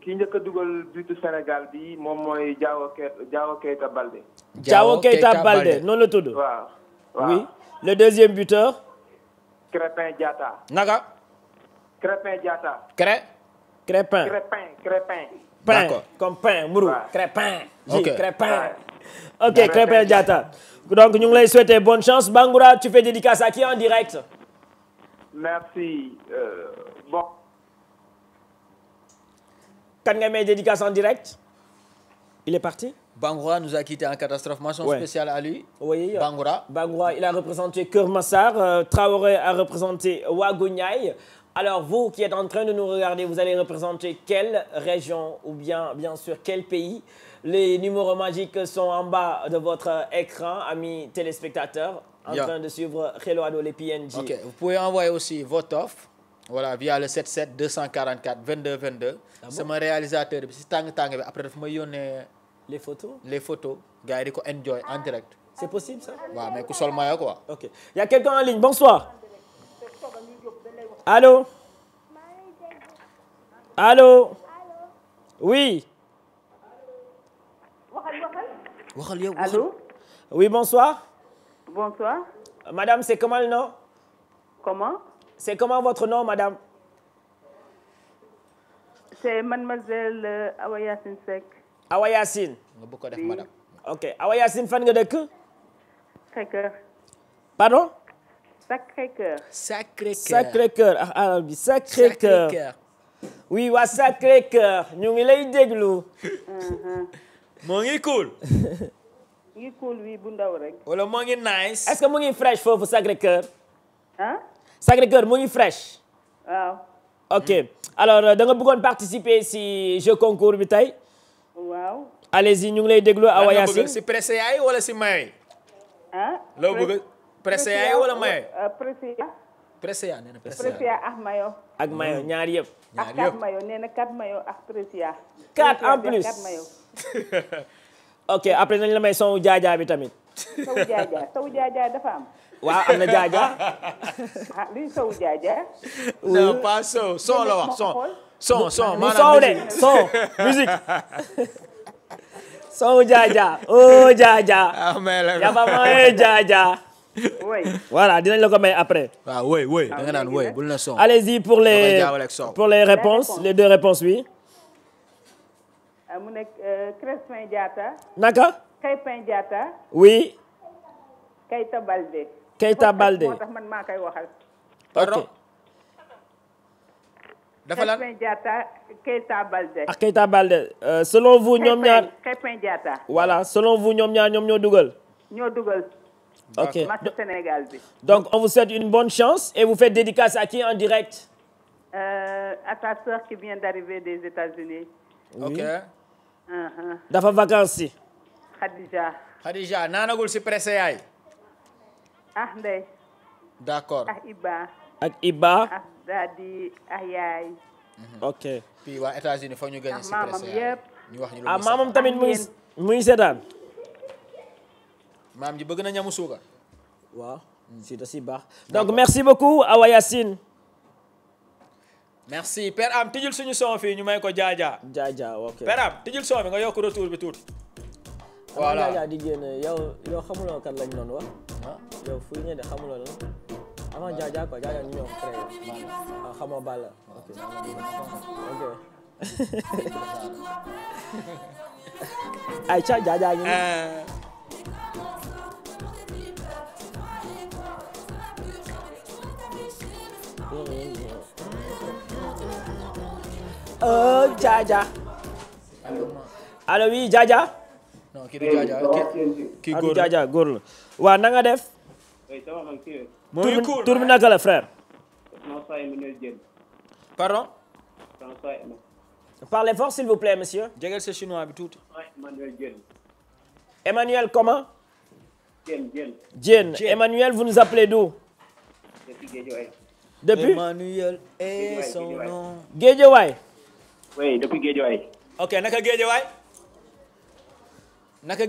ki njëkk a dugal butu Sénégal bi moom mooy Diao Keita Diao Keita Balde. Diao Keita Balde noonu la tudd. waaw waaw oui. Le deuxième buteur Crépin Diata. Naga Crépin Diata. Cré Crépin. Crépin, Crépin. Pain, comme pain, mourou. Crépin. Ok, Crépin. Ok, Crépin, Diata. Donc, nous souhaitons bonne chance. Bangoura, tu fais dédicace à qui en direct Merci. Euh, bon. Quand tu dédicace en direct Il est parti Bangoura nous a quitté en catastrophe. Mention spéciale à lui. Oui, Bangoura. Bangoura, il a représenté Kermassar. Euh, Traoré a représenté Wagouniaï. Alors, vous qui êtes en train de nous regarder, vous allez représenter quelle région ou bien, bien sûr, quel pays Les numéros magiques sont en bas de votre écran, amis téléspectateurs, en train de suivre Hello les PNG. Vous pouvez envoyer aussi votre offre. Voilà, via le 77 244 22 22. C'est mon réalisateur. tang après, les photos les photos gars en direct. c'est possible ça. Oui, mais seulement quoi. ok y a quelqu'un en ligne bonsoir. allô. allô. oui. allô. oui bonsoir. bonsoir. madame c'est comment le nom. comment. c'est comment votre nom madame. c'est mademoiselle euh, Awaya Sensek. Awa Yacine. nga bëgg ko madame. ok Awa Yacine fan nga dëkk. Sacré-Cœur. pardon. Sacré-Cœur. Sacré-Cœur Sacré-Cœur ah, ah Sacré-Cœur. oui Sacré-Cœur ñu ngi lay déglu. Uh-huh. moo ngi cool. mu est cool oui, bu ndaw rek. wala nice. est-ce que mu ngi fresh Fofu? Sacré-Cœur. Hein? Sacré-Cœur mu ngi fresh. waaw. ok alors euh, da nga participer participer si jeu concours bi waaw allez-y ñu ngi lay déglu Awa Yacine si pressé yaay wala si maye. ah loo bëgg pressé yaay wala maye. Euh, pressé ya. pressé ya nee na ak mayo. ak mayo mm. ñaar yëpp. ñaar yëpp ak kat mayo nee na kat mayo ak pressé ya. kat en ok après nañ la may son jaajaa bi tamit. sow jaajaa sow jaajaa dafa am. waaw am jaajaa. luy sow jaajaa. non la wax son. son son son, de son musique. son jaaja oh jaaja. ah mais la yaba ma eh, jaaja. voilà dinañ la ko après. waaw ah, woy Oui, da oui, oui, ah, oui, oui, oui, son. allez-y pour les pour les réponses les deux réponses oui. Euh, mu nekk euh, Crespin Diatta. naka. Crespin Diatta. oui. Keita Balde. Keita Balde moo tax pardon dafa lan Keita Balde. Ah, Balde euh, selon vous ñoom ñaar voilà selon vous ñoom ñaar ñoom ñoo Dougal. Dougal. ok Sénégal donc on vous souhaite une bonne chance et vous faites dédicace à qui en direct. Euh, à ta soeur qui vient d'arriver des États-Unis. ok. Uh-huh. dafa vacances Khadija. Khadija naanagul si pressé yaay. ah d'accord ak ah, Iba. ak Iba. Ah daal di ay yaay. Mhm. ok. puis wa États-Unis foog ñu gagné ci presse yaay ñu wax ñu lu ah maamam tamit muy muy sétane mam ji bëgg na ñamu suuga. wa ci mm. da ci bax donc merci beaucoup Awa yassine merci Père Am tijul suñu son fi ñu may ko jaaja. jaaja ok Père Am tijul son bi nga yok retour bi tout voilà jaaja di génn yow yow xamuloo kan lañ doon wax. Ah. yow fuy ñëwee xamuloo lan. Avant Jaja quoi, Jaja New York frère. Ah xamoo Balla. OK. OK. Eh, Aïcha Jaja eh, ñu. Oh Jaja. Allo, oui Jaja. Non, qui est Jaja. Qui est Jaja góor Ouais, na pas def? Oui, eh, ça va, man, mooy cool tur bi naka la frère. pardon. parlez fort s'il vous plaît monsieur. jégal sa chinois bi tuuti. Emmanuel comment. Diène Diène. Emmanuel vous nous appelez d'où. depuis. Emmanuel est son nom. Guédiawaye. oui depuis Guédiawaye. ok naka Guédiawaye. naka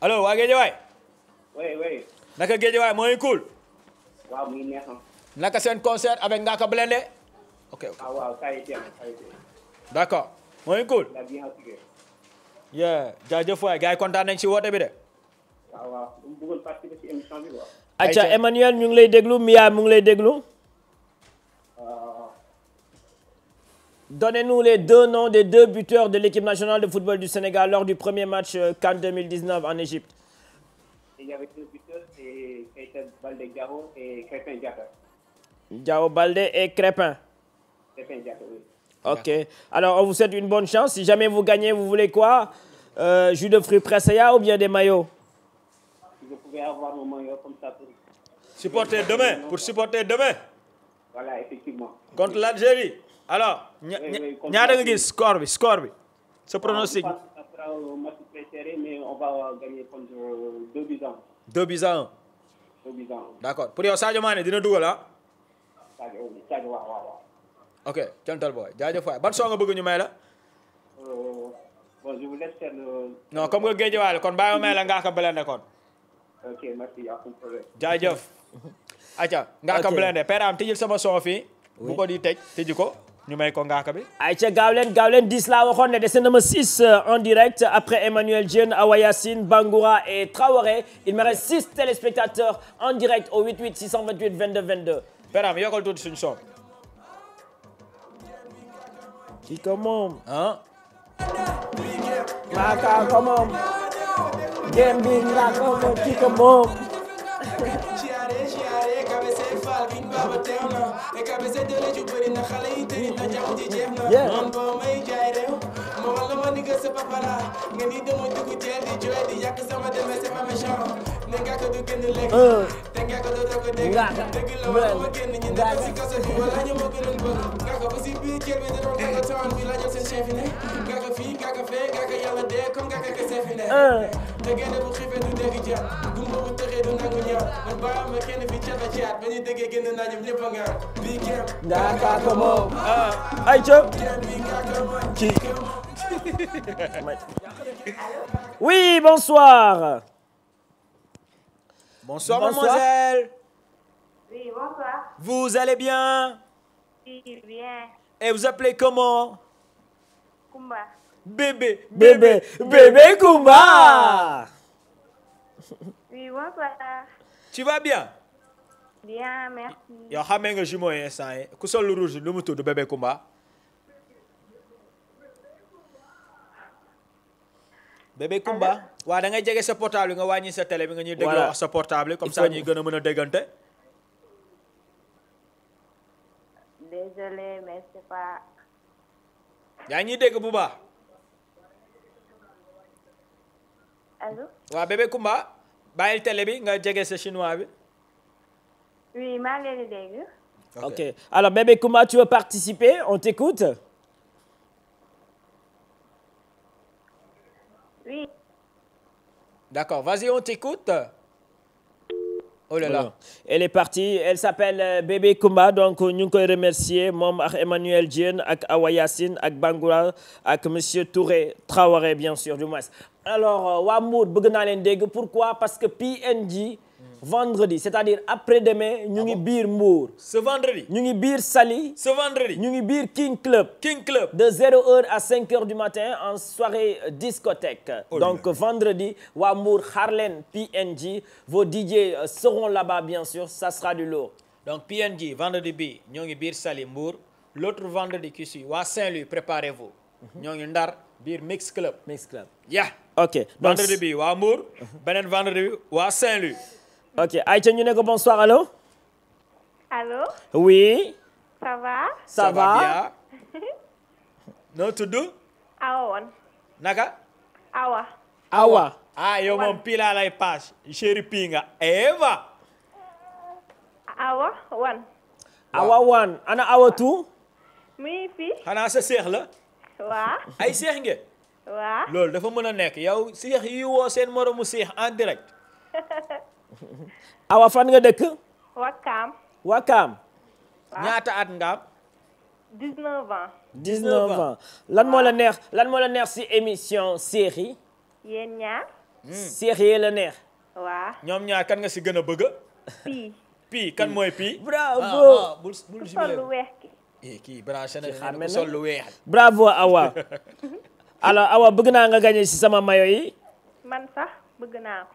Allô, allo waa Guédiawaye oui oui. naka géej waay cool. waaw muy neex hein. naka un concert avec Ngaka Blende ok ok ah waaw ça a été ça a été. D'accord. accord mooy cool. la bien assuré. yeah j'ai déjà gars si bi de. waaw waaw participer Emmanuel ñu ngi lay Mia mu ngi euh. Donnez-nous les deux noms des deux buteurs de l'équipe nationale de football du Sénégal lors du premier match euh, CAN 2019 en Égypte il y avait deux buteurs, c'est Balde et Crépin Diao Balde et Crépin. Crépin Diao, oui. Ok. Alors, on vous souhaite une bonne chance. Si jamais vous gagnez, vous voulez quoi euh, Jus de fruits Presseya ou bien des maillots Si vous pouvez avoir mon maillot comme ça pour. Supporter demain, pour supporter demain. Voilà, effectivement. Contre l'Algérie. Alors, oui, Scorbi. n'y a, score, score, ce pronostic. pas au match très serré, mais on va gagner contre 2 buts à 1. 2 buts à 1. 2 buts à 1. D'accord. Pour yow Sadio Mané dina dugal ah. Sadio Sadio waaw waaw waaw. ok Thione Boy jaajëf waay ban soo nga bëgg ñu may la. Euh, bon je vous laisse faire le. non comme que géej waale kon bàyyi ma may la ngaa ko blende kon. ok merci amul problème. jaajëf. acca ngaa ko blende père am tijjil sama son fii. bu ko di tëj tëjji ko. ñu may ko ngaaka bi ayca gaaw leen gaaw leen 10 laa waxoon na ma 6 euh, en direct après Emmanuel Diène Awa Yassine, Bangoura et Traoré il me reste 6 téléspectateurs en direct au 88 628 22 22 Peram yokkal tuuti suñu son kii ko moom ah hein Maka moom gém bi nga ko moom baba teew na te kabe seddale ju bëri na xale yi tëri na jàmm ji jeex na man boo may jaay réew ma wala ma ni sa papa nga ni dama dugg jeel di jooy di yàq sama demee sama méchant ne nga ko du gën lekk te nga ko dootoo ko dégg dëgg la wala ma génn ñu nekk si kaso bi wala ñu ma gënoon bëgg nga ko ba si biir kër bi dañoo tàggatoo bi laajal seen chef ne oui bonsoir bonsoir mademoiselle oui bonsoir vous allez bien oui bien et vous appelez comment Kumba bébé, bébé, bébé Kumba. Oui, bonsoir. Tu vas bien? Bien, merci. a un jumeau et ça. Hein. quest le rouge, le moto de bébé Kumba? bébé Kumba. Wa da ngay jege sa portable nga wàññi sa télé bi nga ñuy portable comme ça tu as désolé mais c'est pas. dégg bu bébé Kumba télé chinois oui ok alors bébé Kumba tu veux participer on t'écoute. oui. d'accord vas-y on t'écoute. oh là là elle est partie elle s'appelle euh, Bébé Kumba donc nous remercions remercier Emmanuel Diène ak Awa Yassine, ak Bangoura ak monsieur Touré Traoré bien sûr du moins alors euh, Wamour, pourquoi parce que PNG. Hmm. vendredi c'est-à-dire après-demain nous ah ngi biir Mour. ce vendredi Nous ngi biir Sali. ce vendredi Nous ngi King Club. King Club de 0h à 5h du matin en soirée euh, discothèque. Oh donc vendredi Wamour, Harlen, PNJ. PNG vos DJ euh, seront là-bas bien sûr ça sera du lourd. donc PNG vendredi bi ñoo ngi biir Mour. l'autre vendredi qui suit Wa Saint-Louis préparez-vous. Nous mhm. ngi Ndar Mix Club. Mix Club yeah ok donc vendredi bi waa Mbour. beneen vendredi bi Saint-Louis. ok Aïcha ñu ne bonsoir Allô. Allô. oui. ça va. ça va bien. tout doux. Awa naka. Awa. Awa. ah yo moom pii laa lay paas chéri Pinga. Eva. Awa one. Awa one. ana Awa tu. mi fi. xanaa sa seex la. waa ay seex waaw loolu dafa mën a nekk yow seex yi woo seen moromu seex en ah, direct. awa fan nga dëkk. Wakaam. Wakaam. ñaata at nga am. 19 ans. 19 ans lan moo la neex lan moo la neex si émission seex yi. yéen ñaar. Ya. Hmm. seex yee la neex. waaw ñoom ñaar kan nga si gën a bëgg. pi pi kan mooy pi bravo ah, ah, bul bul jubile ki. Eh, bravo awa. alors awa bëgg na nga gagner ci sama mayo yi. man sax bëgg na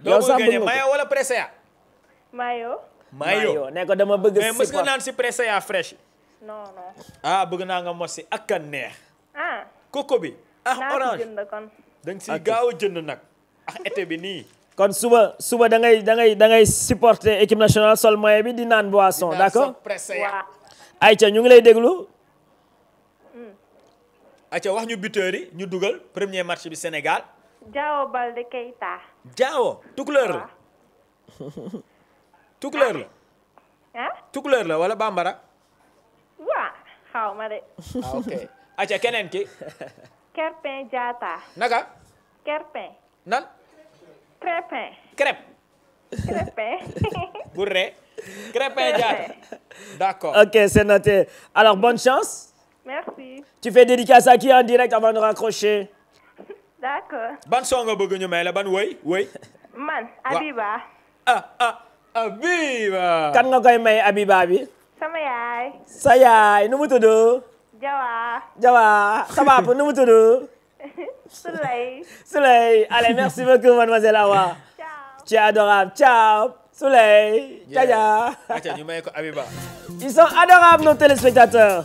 do yow sax bëgg mayo wala ya mayo. mayo ne ko dama bëgg. mais mës nga ci pressé ya fresh. non non. ah bëgg na nga mossi ak neex. ah coco bi. ah orange naa jënd kon. da gaaw jënd nak ah été bi ni kon suba suba da ngay da ngay da ngay supporter équipe nationale sol mayo bi di nan boisson d'accord. ay ca ñu ngi lay déglu acha wax ñu buteur yi ñu duggal premier match bi Sénégal. Diao Baldé Keita. Diao couleur la. couleur la. ah couleur la wala bambara. wa xaw ma de. ok acha kenen ki. kerpen jata naka. kerpen nan. Krépin. crepe crepe Bourré. crepe jata D'accord. Ok, c'est noté. Alors, bonne chance. Merci. Tu fais dédicace à qui en direct avant de raccrocher D'accord. Bonne soirée, au bëgg ñu may la ban way, Man Abiba. Ah ah Abiba. Kan nga koy may Abiba bi? Sama yaay. Sa yaay nu mu tudd? Jawa. Jawa Ça va pour Suley Suley allez merci beaucoup mademoiselle Awa. Ciao. Tu es adorable ciao. Soleil. Ciao, Ciao. Attends Abiba. Ils sont adorables nos téléspectateurs.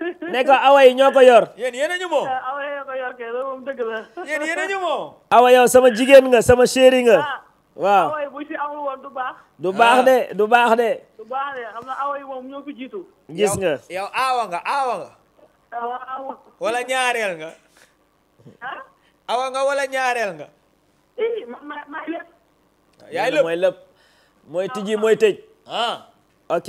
ne ko awa yi ñoo ko yor. yéen yéen a ñu moo. Ah, sama jigéen nga sama chéri nga. Ah, waaw awa du baax. du baax de du baax de. du baax moom ñoo ko jiitu. gis nga yow awa nga awa nga. awa wala ñaareel nga. awa nga wala ñaareel nga. ii ma ma mooy lépp mooy tijji mooy tëj. Ah. ok.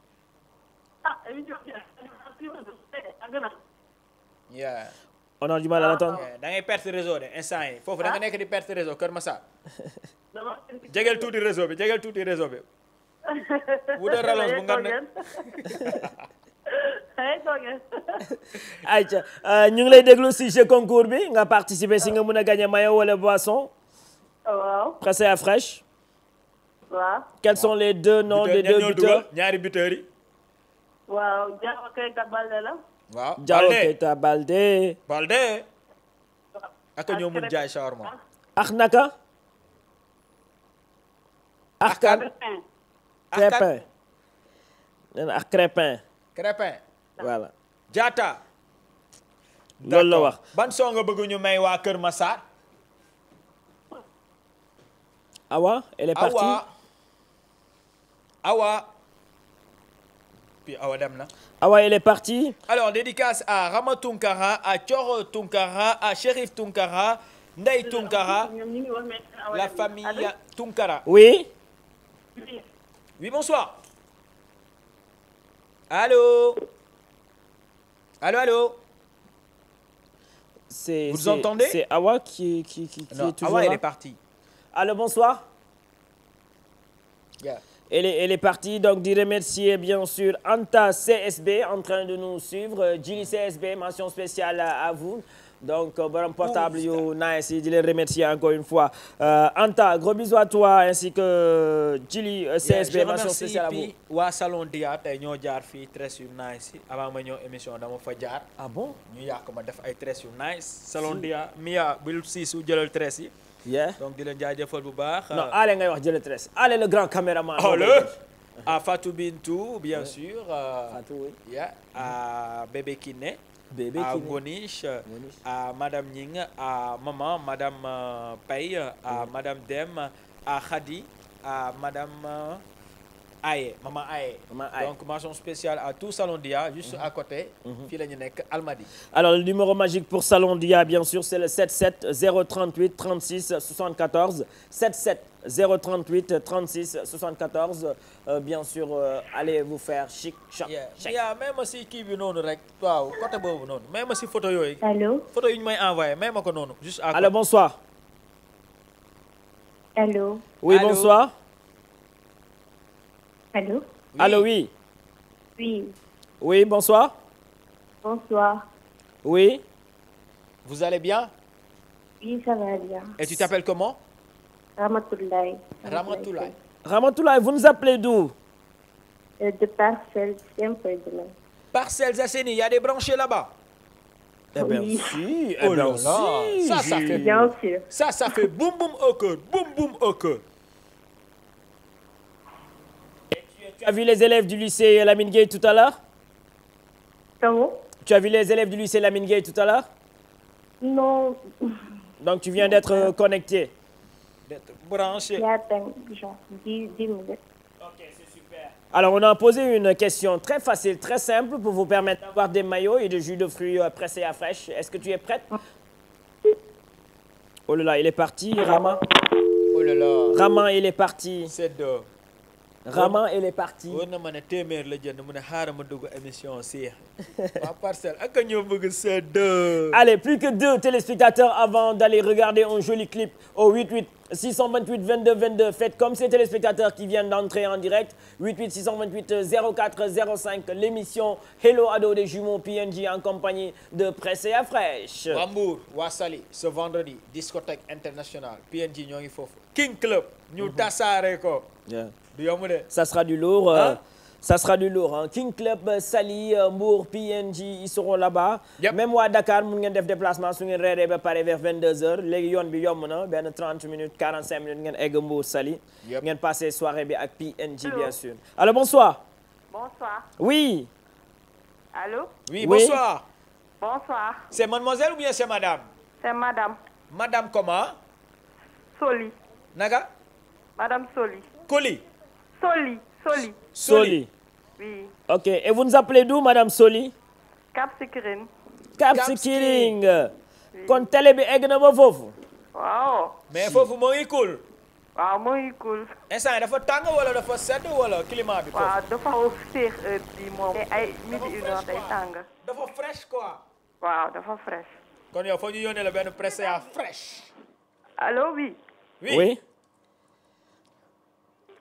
yeah. on a du mal à ah, l'entendre. da ngay perte réseau de instant yi foofu da nga ah. nekk di perte réseau Kër Massar. tout tuuti réseau bi tout tuuti réseau bi. wutal relance bu nga ne. ayca euh, ñu ngi lay déglu si jeu concours bi nga participer si nga mën a gagner maillot wala boisson. waaw pressé à fraîche. waaw. quels sont les deux noms des deux buteurs ñaari buteurs waaw Diallo Balde la. waaw Balde Balde. ak jaay crépin. crépin. voilà. Jata. loolu la wax ban soo nga bëgg ñu Awa elle est partie. Awa. Awa elle est partie. Alors, dédicace à Rama Tunkara, à Chor Tunkara, à Sherif Tunkara, Ndai Tunkara, la famille Tunkara. Oui Oui, bonsoir. Allô Allô, allô Vous entendez C'est Awa qui, qui, qui, est toujours elle est partie. Allô, bonsoir. Elle est, partie, donc de remercier bien sûr Anta CSB en train de nous suivre. jili CSB, mention spéciale à vous. Donc, euh, bon portable, oh, you nice, je les remercie encore une fois. Euh, Anta, gros bisous à toi, ainsi que euh, jili CSB, mention spéciale à vous. Wa salon dia tay ñoo jaar fi très sur nice avant ma ñëw émission dama fa jaar ah bon ñu yak très nice salon dia mia bu ci su jëlal yeah donc di leen jaajëfal bu baax. non on ngay wax le tres Allez le grand caméraman. oh le à ah, Fatou Bintou bien sûr. Euh, Fatou oui. yeah à Bébé Kiné. Bébé à Gonish, à Madame Ning, à Maman, Madame euh, Paye, à Madame Dem, à Khadi, à Madame. Euh, Aye maman Aye. maman Aye donc mention spéciale à tout Salon Dia juste à côté. Mhm. Almadi. alors le numéro magique pour Salon Dia bien sûr c'est le 77 038 36 74 77 038 36 74 bien sûr euh, allez vous faire chic chic, chic yeah, même si vous non, rek côté non. même si photo yooyu. photo yi may même non. juste à côté bonsoir. Allô. oui bonsoir. Allô Allô, oui Oui. Oui, bonsoir. Bonsoir. Oui. Vous allez bien Oui, ça va bien. Et tu t'appelles comment Ramatoulaye. Ramatoulaye. Ramatoulaye, vous nous appelez d'où euh, De Parcelles, de là. Parcelles, il y a des branchés là-bas eh bien, si, eh oh bien, si. Ça, ça fait, bien sûr. Ça, ça fait boum boum au cœur, boum boum au cœur. Tu as vu les élèves du lycée Lamine Gaye tout à l'heure Comment Tu as vu les élèves du lycée Lamine Gaye tout à l'heure Non. Donc tu viens d'être euh, connecté D'être branché attends, 10, Ok, c'est super. Alors on a posé une question très facile, très simple pour vous permettre d'avoir des maillots et des jus de fruits euh, pressés à fraîche. Est-ce que tu es prête mm. Oh là là, il est parti, Rama. Oh là là. Rama, il est parti. C'est d'or. Raman elle est partie. la jënd émission si parcelle ak ñu bëgg deux. allez plus que deux téléspectateurs avant d'aller regarder un joli clip au 88 628 22 22 faites comme ces téléspectateurs qui viennent d'entrer en direct 88 628 04 05 l'émission Hello Ado des jumeaux PNJ en compagnie de Presse et Fraîche. Bambour, Wassali, ce vendredi discothèque internationale PNJ nous King Club. ñu mhm. ko ça sera du lourd. Euh, hein? ça sera du lourd hein. King Club euh, Sally, euh, Mbour PNG, ils seront là-bas. même à Dakar mun ngeen def déplacement su ngeen reeree ba vers 22h Les gens bi yomb 30 minutes 45 minutes ngeen egg Mbour Sali Yep. passer passé soirée avec ak PNJ bien sûr. Alors, bonsoir. bonsoir. oui. allô. oui bonsoir. bonsoir. c'est mademoiselle ou bien c'est madame. c'est madame. madame comment. Soli. naga. madame Soli. Solly Soli. Soli. Soli. Oui. Ok. Et vous nous appelez d'où, Madame Soli Cap Sikiring. Cap kon télé bi waaw. mais ngi cool. waaw elle ngi cool. instant dafa tàng wala dafa sedd wala climat bi. waaw dafa féex heure bi moom. Et ay midi une heure day fraîche quoi. waaw dafa fraîche. kon yow la presser à fraîche. Allô, oui. oui.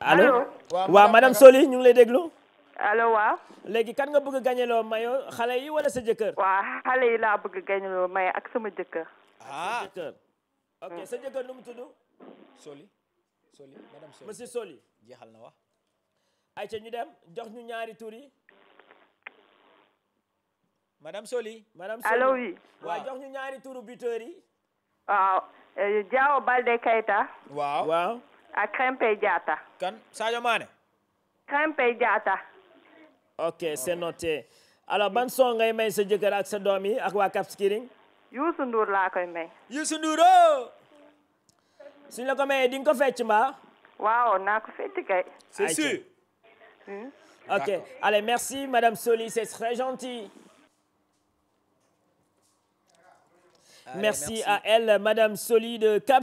allo waaw madame Soli ñu ngi lay déglu. allo waa léegi kan nga bëgg a gañeloo mayo xale yi wala sa jëkkër. waa xale yi laa bëgg a gañeloo ak sama jëkkër. ah jëkkër. ok mm. sa jëkkër nu mu tudd. Soli. Soli madame Soli monsieur Soli. jeexal na wax. ayca ñu dem jox ñu ñaari tur yi. madame Soli. madame Soli allo jox ñu ñaari turu buteur yi. waaw eh, Diao Balde Keita. waaw. À pejata. kan Sadio Mané. crème ok c'est noté alors bonne son ngay may sa jëkkër ak sa doom yi ak wa Cap là, Youssou Ndour koy may. Youssou Ndour oh! Si la ko may ko waaw c'est sûr. Hmm? ok allez merci madame Soli c'est très gentil. merci, à elle madame Soli de Cap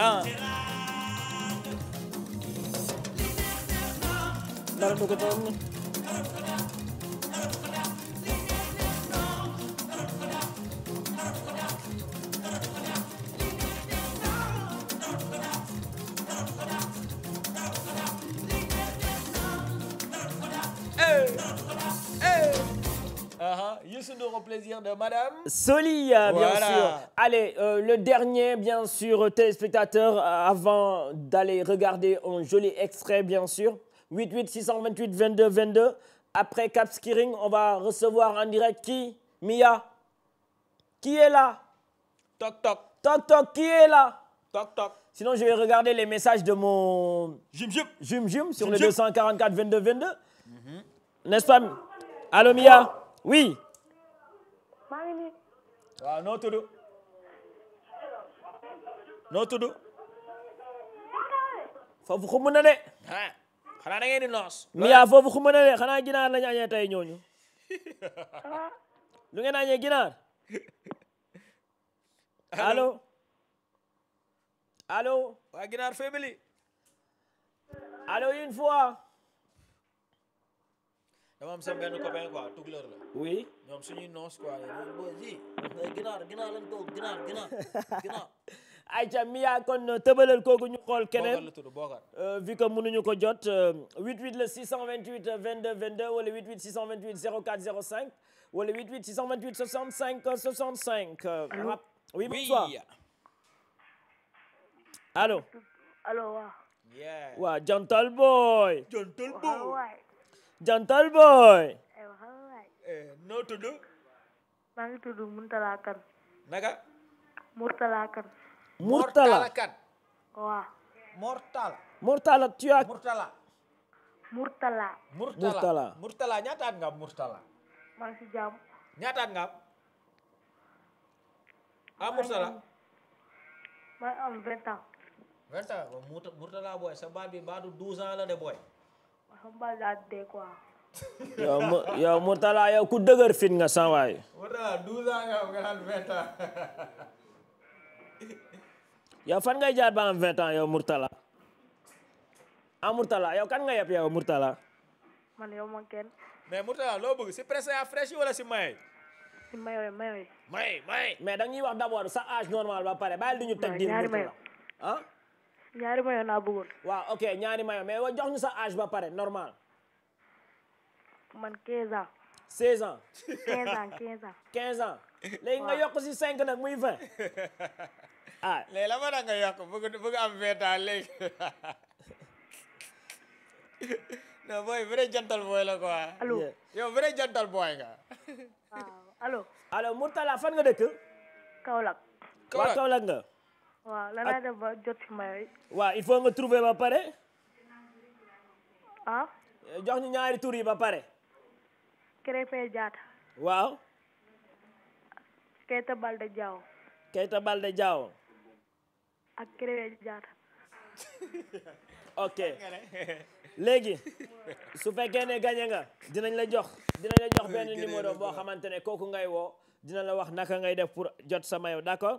ah dara du ko doon plaisir de Madame Solia, bien sûr. Allez, euh, le dernier, bien sûr, téléspectateur, euh, avant d'aller regarder un joli extrait, bien sûr. 88 628 22 22. Après Cap on va recevoir en direct qui Mia Qui est là Toc toc. Toc toc, qui est là Toc toc. Sinon, je vais regarder les messages de mon. Jum Jum. Jum Jum sur le 244 22 22. N'est-ce pas Allô Mia Oui. waaw ah, no tudd no tudd Fofu xumb na de Xana da ngay di Mi ya fofu xumb na de xana ginaar lañu añee tay e ñooñu lu ngeen añee ginaar allo allo Wa ginaar family allo une fois dama sam ben copain quoi tukulër la. oui Ñom suñu noos quoi ñoom booy ji. ginaar ginaar lañ toog ginaar ginaar ginaar. ayca miyaa kon tëbalal kooku ñu xol keneen Bokar vu que mënuñu ko jot 88 le 628 22 22 wala 88 628 04 05 wala 88 628 65 65. rap oui bonsoir Allô. Allô. wa. yeah Wa Gentle Boy. Gentle Boy. Jantal boy. Eh, eh, no tudu. Maa ngi tudd Muntala Kan. Naka. Murtala Kan. Murtala Mortal. Mortal. tu Mortala. Murtala. Murtala. Murtala. Murtala ñaataat Mortala. Murtala. Maa ngi si Ah Murtala. am Mortala. ans. 20 Murtala boy Sebab di baru 12 ans boy hamba that ya mutala ya, ya ku deugar fit nga san waye wada duza ya, nga ngal veta ya fan ngay jaar ba am 20 ans yow ya, murtala am ah, murtala yow kan nga yap yow murtala man yow mo ken mais murtala lo bëgg ci presse ya fresh wala ci may ci may way may way may may mais ñi wax d'abord sa âge normal ba paré bayal duñu tek di murtala hein ñaari mayo naa bëggoon. waaw ok ñaari mayo mais wa jox ñu sa âge ba pare normal. man 15 ans. 16 ans. 15 ans 15 ans. 15 nga yokk si 5 nag muy 20. ah léegi la ma da nga yokk bëgg am 20 ans léegi non booy vrai jantal booy la quoi. allo yow vrai fan nga dëkk. Kaolack. Kaolack nga. waaw lan laa jot ci waaw il faut nga trouver ba pare. ah. jox ñu ñaari tur yi ba pare. Krépin Diatta. waaw. Keita Baldé Diao. Keita Baldé Diao. ak Krépin Diatta. ok léegi su fekkee ne gañe nga dinañ la jox dinañ la jox benn numéro boo xamante ne kooku ngay woo dina la wax naka ngay def pour jot sa mayo d'accord.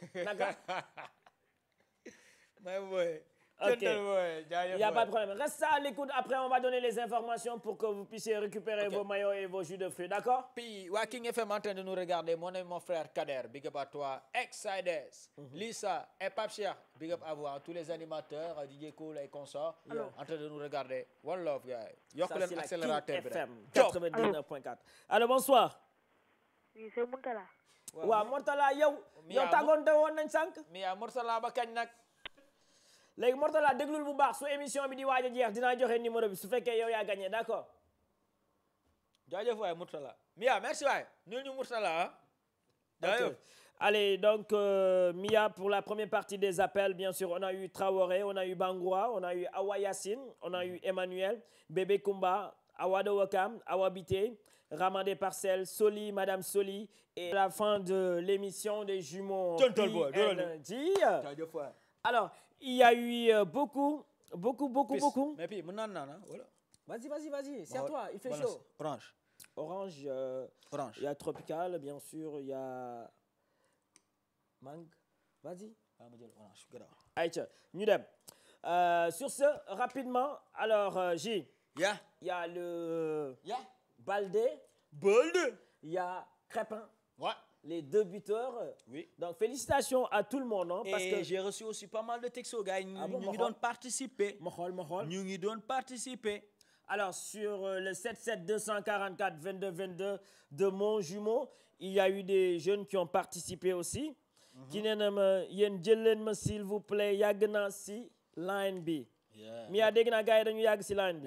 D'accord Mais oui. Il n'y a pas de problème. Reste ça à l'écoute. Après, on va donner les informations pour que vous puissiez récupérer vos maillots et vos jus de fruits. D'accord Puis, Walking FM en train de nous regarder. Mon et mon frère Kader, big up à toi. Exides, mhm. Lisa et Papchia, big up à hein. Tous les animateurs, euh, Didier Cool et consorts, en train de nous regarder. One love, guys. Yorkland Accélérateur. FM 99.4. Alors bonsoir. Oui, c'est Muntala wa Mortala yow. yow tàggoonte woon nañ sànq. mais yaa Mortala ba kañ nak léegi Mortala déglul bu baax su émission bi di waja jeex dina joxe numéro bi su fekkee yow ya gagné d'accord. jaajëf waay Mourtala Mia merci way nul ñu Mourtala hein? ah. jaajëf allez donc euh, Mia pour la première partie des appels bien sûr on a eu Traoré on a eu Bangoua, on a eu Awa Yassine on a mm-hmm. eu Emmanuel Bébé Kumba Awa Dowakam Awa Bité. Raman des Parcelles, Soli, Madame Soli. Et la fin de l'émission des jumeaux lundi. Alors, il y a eu euh, beaucoup, beaucoup, beaucoup, beaucoup. Mais puis, voilà. Vas-y, vas-y, vas-y, c'est à toi, il fait chaud. Orange. Orange. Euh, orange. Il y a Tropical, bien sûr, il y a. Mang. Vas-y. Ah, Aïcha, Nudem. Euh, sur ce, rapidement, alors, euh, J. Il y a le. Balde, Baldé. Il y a Crépin. Ouais. Les deux buteurs. Oui. Donc, félicitations à tout le monde. Hein, parce Et que j'ai reçu aussi pas mal de textos, gars. Nous, ah bon, nous donnent participer. Nous nous donnent participer. Alors, sur euh, le 77 244 22 22 de mon jumeau, il y a eu des jeunes qui ont participé aussi. qui mhm. ne euh, s'il vous plaît yàgg line B. mi yaa dégg dañu line B.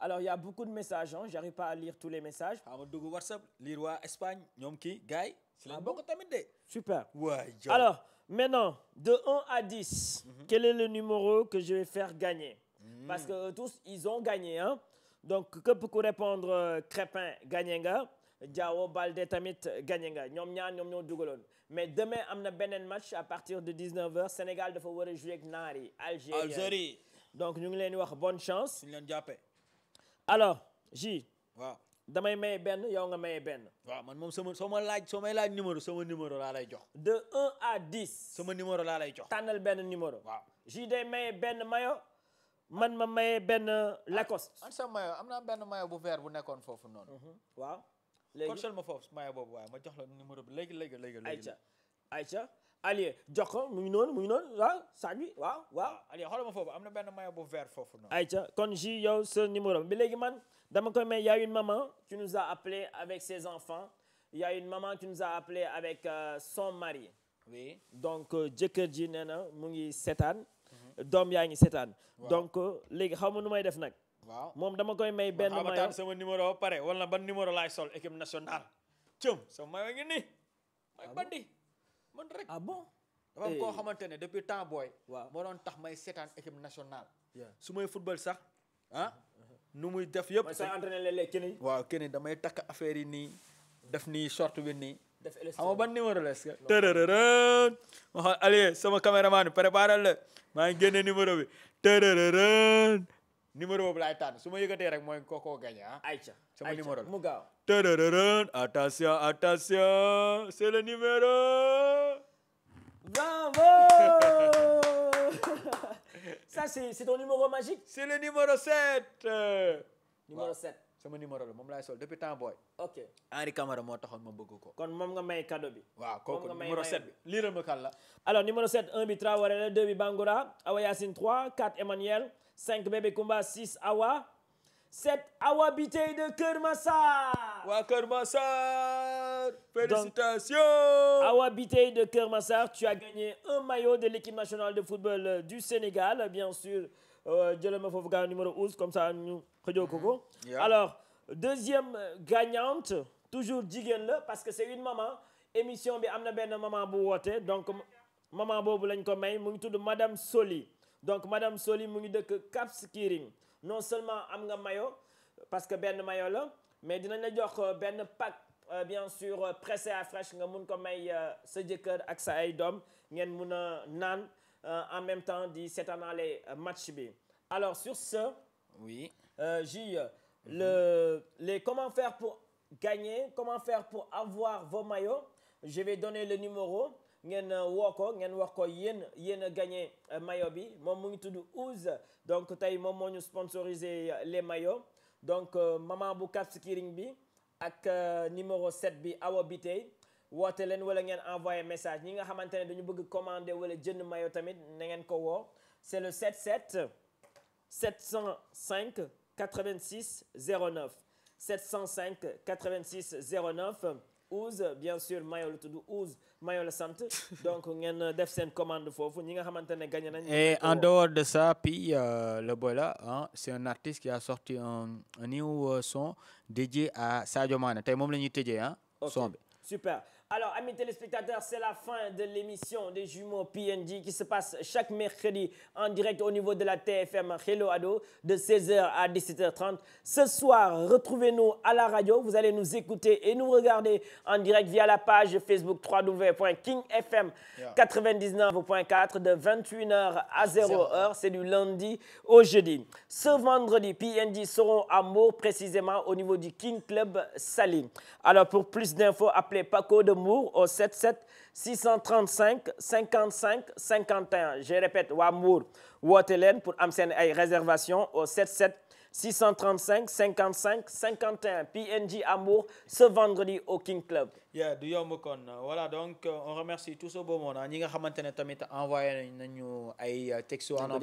alors il y a beaucoup de messages Je hein. j'arrive pas à lire tous les messages. Ah, lire Espagne Nyomki, Guy. Ah super alors maintenant de 1 à 10. Mhm. quel est le numéro que je vais faire gagner. Mhm. parce que euh, tous ils ont gagné hein. donc que on répondre euh, Crépin gagné Diawo, Diao Balde tamit gagné mais demain on un match à partir de 19h Sénégal il faut jouer avec Nari. Algérie. donc nous, ngi avoir bonne chance. ñu alors J. waaw damay maye benn yow nga maye benn. waaw man moom sama soo ma laaj soo may laaj numéro sama numéro laa lay jox. de 1 à 10. sama numéro laa lay jox. tànnal benn numéro. waaw J day maye benn mayo man ma maye benn Lacoste. Ah, an sa mayo am naa benn mayo bu veer bu nekkoon foofu noonu. Mhm. waaw léegi kon ma foofu mayo boobu waaye ma jox la numéro bi léegi léegi léegi. ay ayca. allez jox ko mu ngi noonu mu ngi noonu waaw saaj bi waaw waaw. Ah, Alié xoolal ma foofu am na benn maillot bu vert foofu noonu. ayca kon ji yow sa numéro bi léegi man dama koy may y a une maman tu nous as appelé avec ses enfants y a une maman qui nous a appelé avec euh, son mari. oui donc euh, jëkkër ji nee na mu ngi seetaan. Mhm. doom yaa ngi seetaan. donc euh, léegi xaw ma nu may def nag. waaw moom dama koy may benn maillot sama numéro ba pare wala ban numéro laay sol équipe nationale. cëm sama maillot ngi nii may ah bandi. man rek a ah, bon dafa am koo eh. xamante ne depuis temps booy waaw moo doon tax may seetaan équipe nationale su may football sax ah nu muy def yëpp sa entraîné waaw kenn damay takk affaire yi nii def ni short bi nii xam nga ban numéro la est-ce que tërërërën ma xool Aliou sama caméraman préparal la maa ngi génne bi tërërërën numéro bobu lay tan suma ma yëgatee rek mooy kookoo gagné ah. ayca sama numéro mu gaaw. tërërërën attention attention c'est le numéro. bravo ça c'est c'est ton numéro magique. c'est le numéro 7. numéro 7. sama numéro la mom lay sol depuis temps boy ok Henri Camara mo taxone ma bëgg ko. kon mom nga may cadeau bi. waaw kooku numéro 7 bi lii ma kala alors numéro 7 1 bi Traoré la 2 bi Bangoura Awa yassine 3 4 Emmanuel. 5 bébés combat, 6 Awa. 7 Awa bité de Kermassar. Wa Kermassar, félicitations. Awa bité de Kermassar, tu as gagné un maillot de l'équipe nationale de football euh, du Sénégal, bien sûr. Djelema euh, Fofga numéro 11, comme ça, nous, Coco. Alors, deuxième euh, gagnante, toujours digue-le, parce que c'est une maman. Émission, il amna a une maman qui donc maman comme elle de Madame Soli donc madame Soli nous ngi dëkk 4 non seulement am nga maillot parce que ben maillot là, mais dinañ la jox ben pack euh, bien sûr euh, pressé à fraîche nga mun ko may sa jëkkër ak sa ay dom ngeen mëna nan en même temps di seetaanaale match bi alors sur ce. oui mhm. le les comment faire pour gagner comment faire pour avoir vos maillots je vais donner le numéro ngeen euh, woo ko ngeen wax ko a gagné euh, maillot bi mom mu ngi tudd donc tay mom moo ñu sponsorisé euh, les maillots donc maman bu Cap bi ak numéro 7 bi Awa bité woté pouvez wala ngén envoyer message ñi nga nous dañu bëgg commander wala jënd maillot tamit na ngén ko wo c'est le 77 705 86 09 705 86 09 Ouz bien sûr maillot tout Ouz maillot la donc ngeen euh, def sen commande fofu ñi nga xamante gagné nañ. et en dehors de ça puis euh, le boy là hein, c'est un artiste qui a sorti un, un new euh, son dédié à Sadio Mane, tey moom la ñuy hein ah. son super. Alors, amis téléspectateurs, c'est la fin de l'émission des jumeaux PND qui se passe chaque mercredi en direct au niveau de la TFM Hello Ado de 16h à 17h30. Ce soir, retrouvez-nous à la radio. Vous allez nous écouter et nous regarder en direct via la page Facebook www.kingfm99.4 de 21h à 0h. C'est du lundi au jeudi. Ce vendredi, PND seront à Meaux, précisément au niveau du King Club Salim. Alors, pour plus d'infos, appelez Paco de Amour au 77 635 55 51 je répète Wamour Mbour pour Amsen réservation au 77 635 55 51 PNJ Amour ce vendredi au King Club yeah du voilà donc euh, on remercie tous ce beau monde hein. ñi envoyé euh, texto en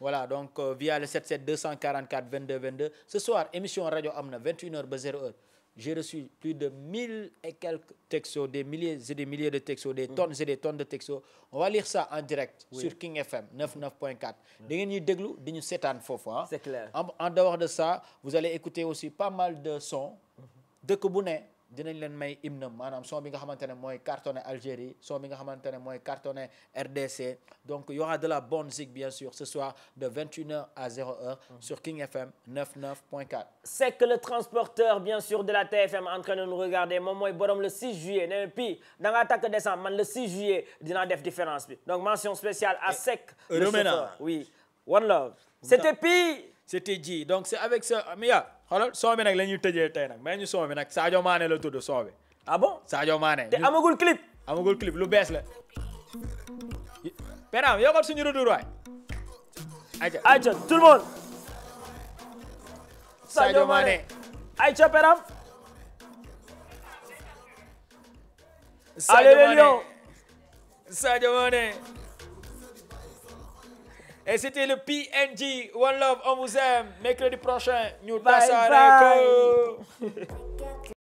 voilà donc euh, via le 77 244 22 22 ce soir émission Radio Amna, 21h à 0h j'ai reçu plus de mille et quelques textos, des milliers et des milliers de textos, des mm. tonnes et des tonnes de textos. On va lire ça en direct sur King FM 99.4. Mm. Ah. C'est clair. En, en, dehors de ça, vous allez écouter aussi pas mal de sons mm-hmm. de Kobounet dinañ leen may hymne maanaam son bi nga xamantene cartonné Algérie son bi nga xamantene cartonné RDC donc y aura de la bonne zig bien sûr ce soir de 21h à 0h mhm. sur King FM 99.4 c'est que le transporteur bien sûr de la TFM en train de nous regarder moom mooy borom le 6 juillet nest puis, dans l'attaque décembre man le 6 juillet a def différence donc mention spéciale à Sec, le oui one love c'était Pi c'était ji donc c'est avec ce Mia xoolal son bi la ñuy tëjee tey nag mais ñu nag Sadio Mané la tudd son bi. ah bon Sadio Mané. te amagul clip. amagul clip lu bees la. Peraam yokkal suñu retour waay. ayca ayca tout le monde. Sadio Mané ayca Peraam. Sadio Mané allez les lions. Et c'était le PNG. One Love, on vous aime. Mercredi prochain, nous bye,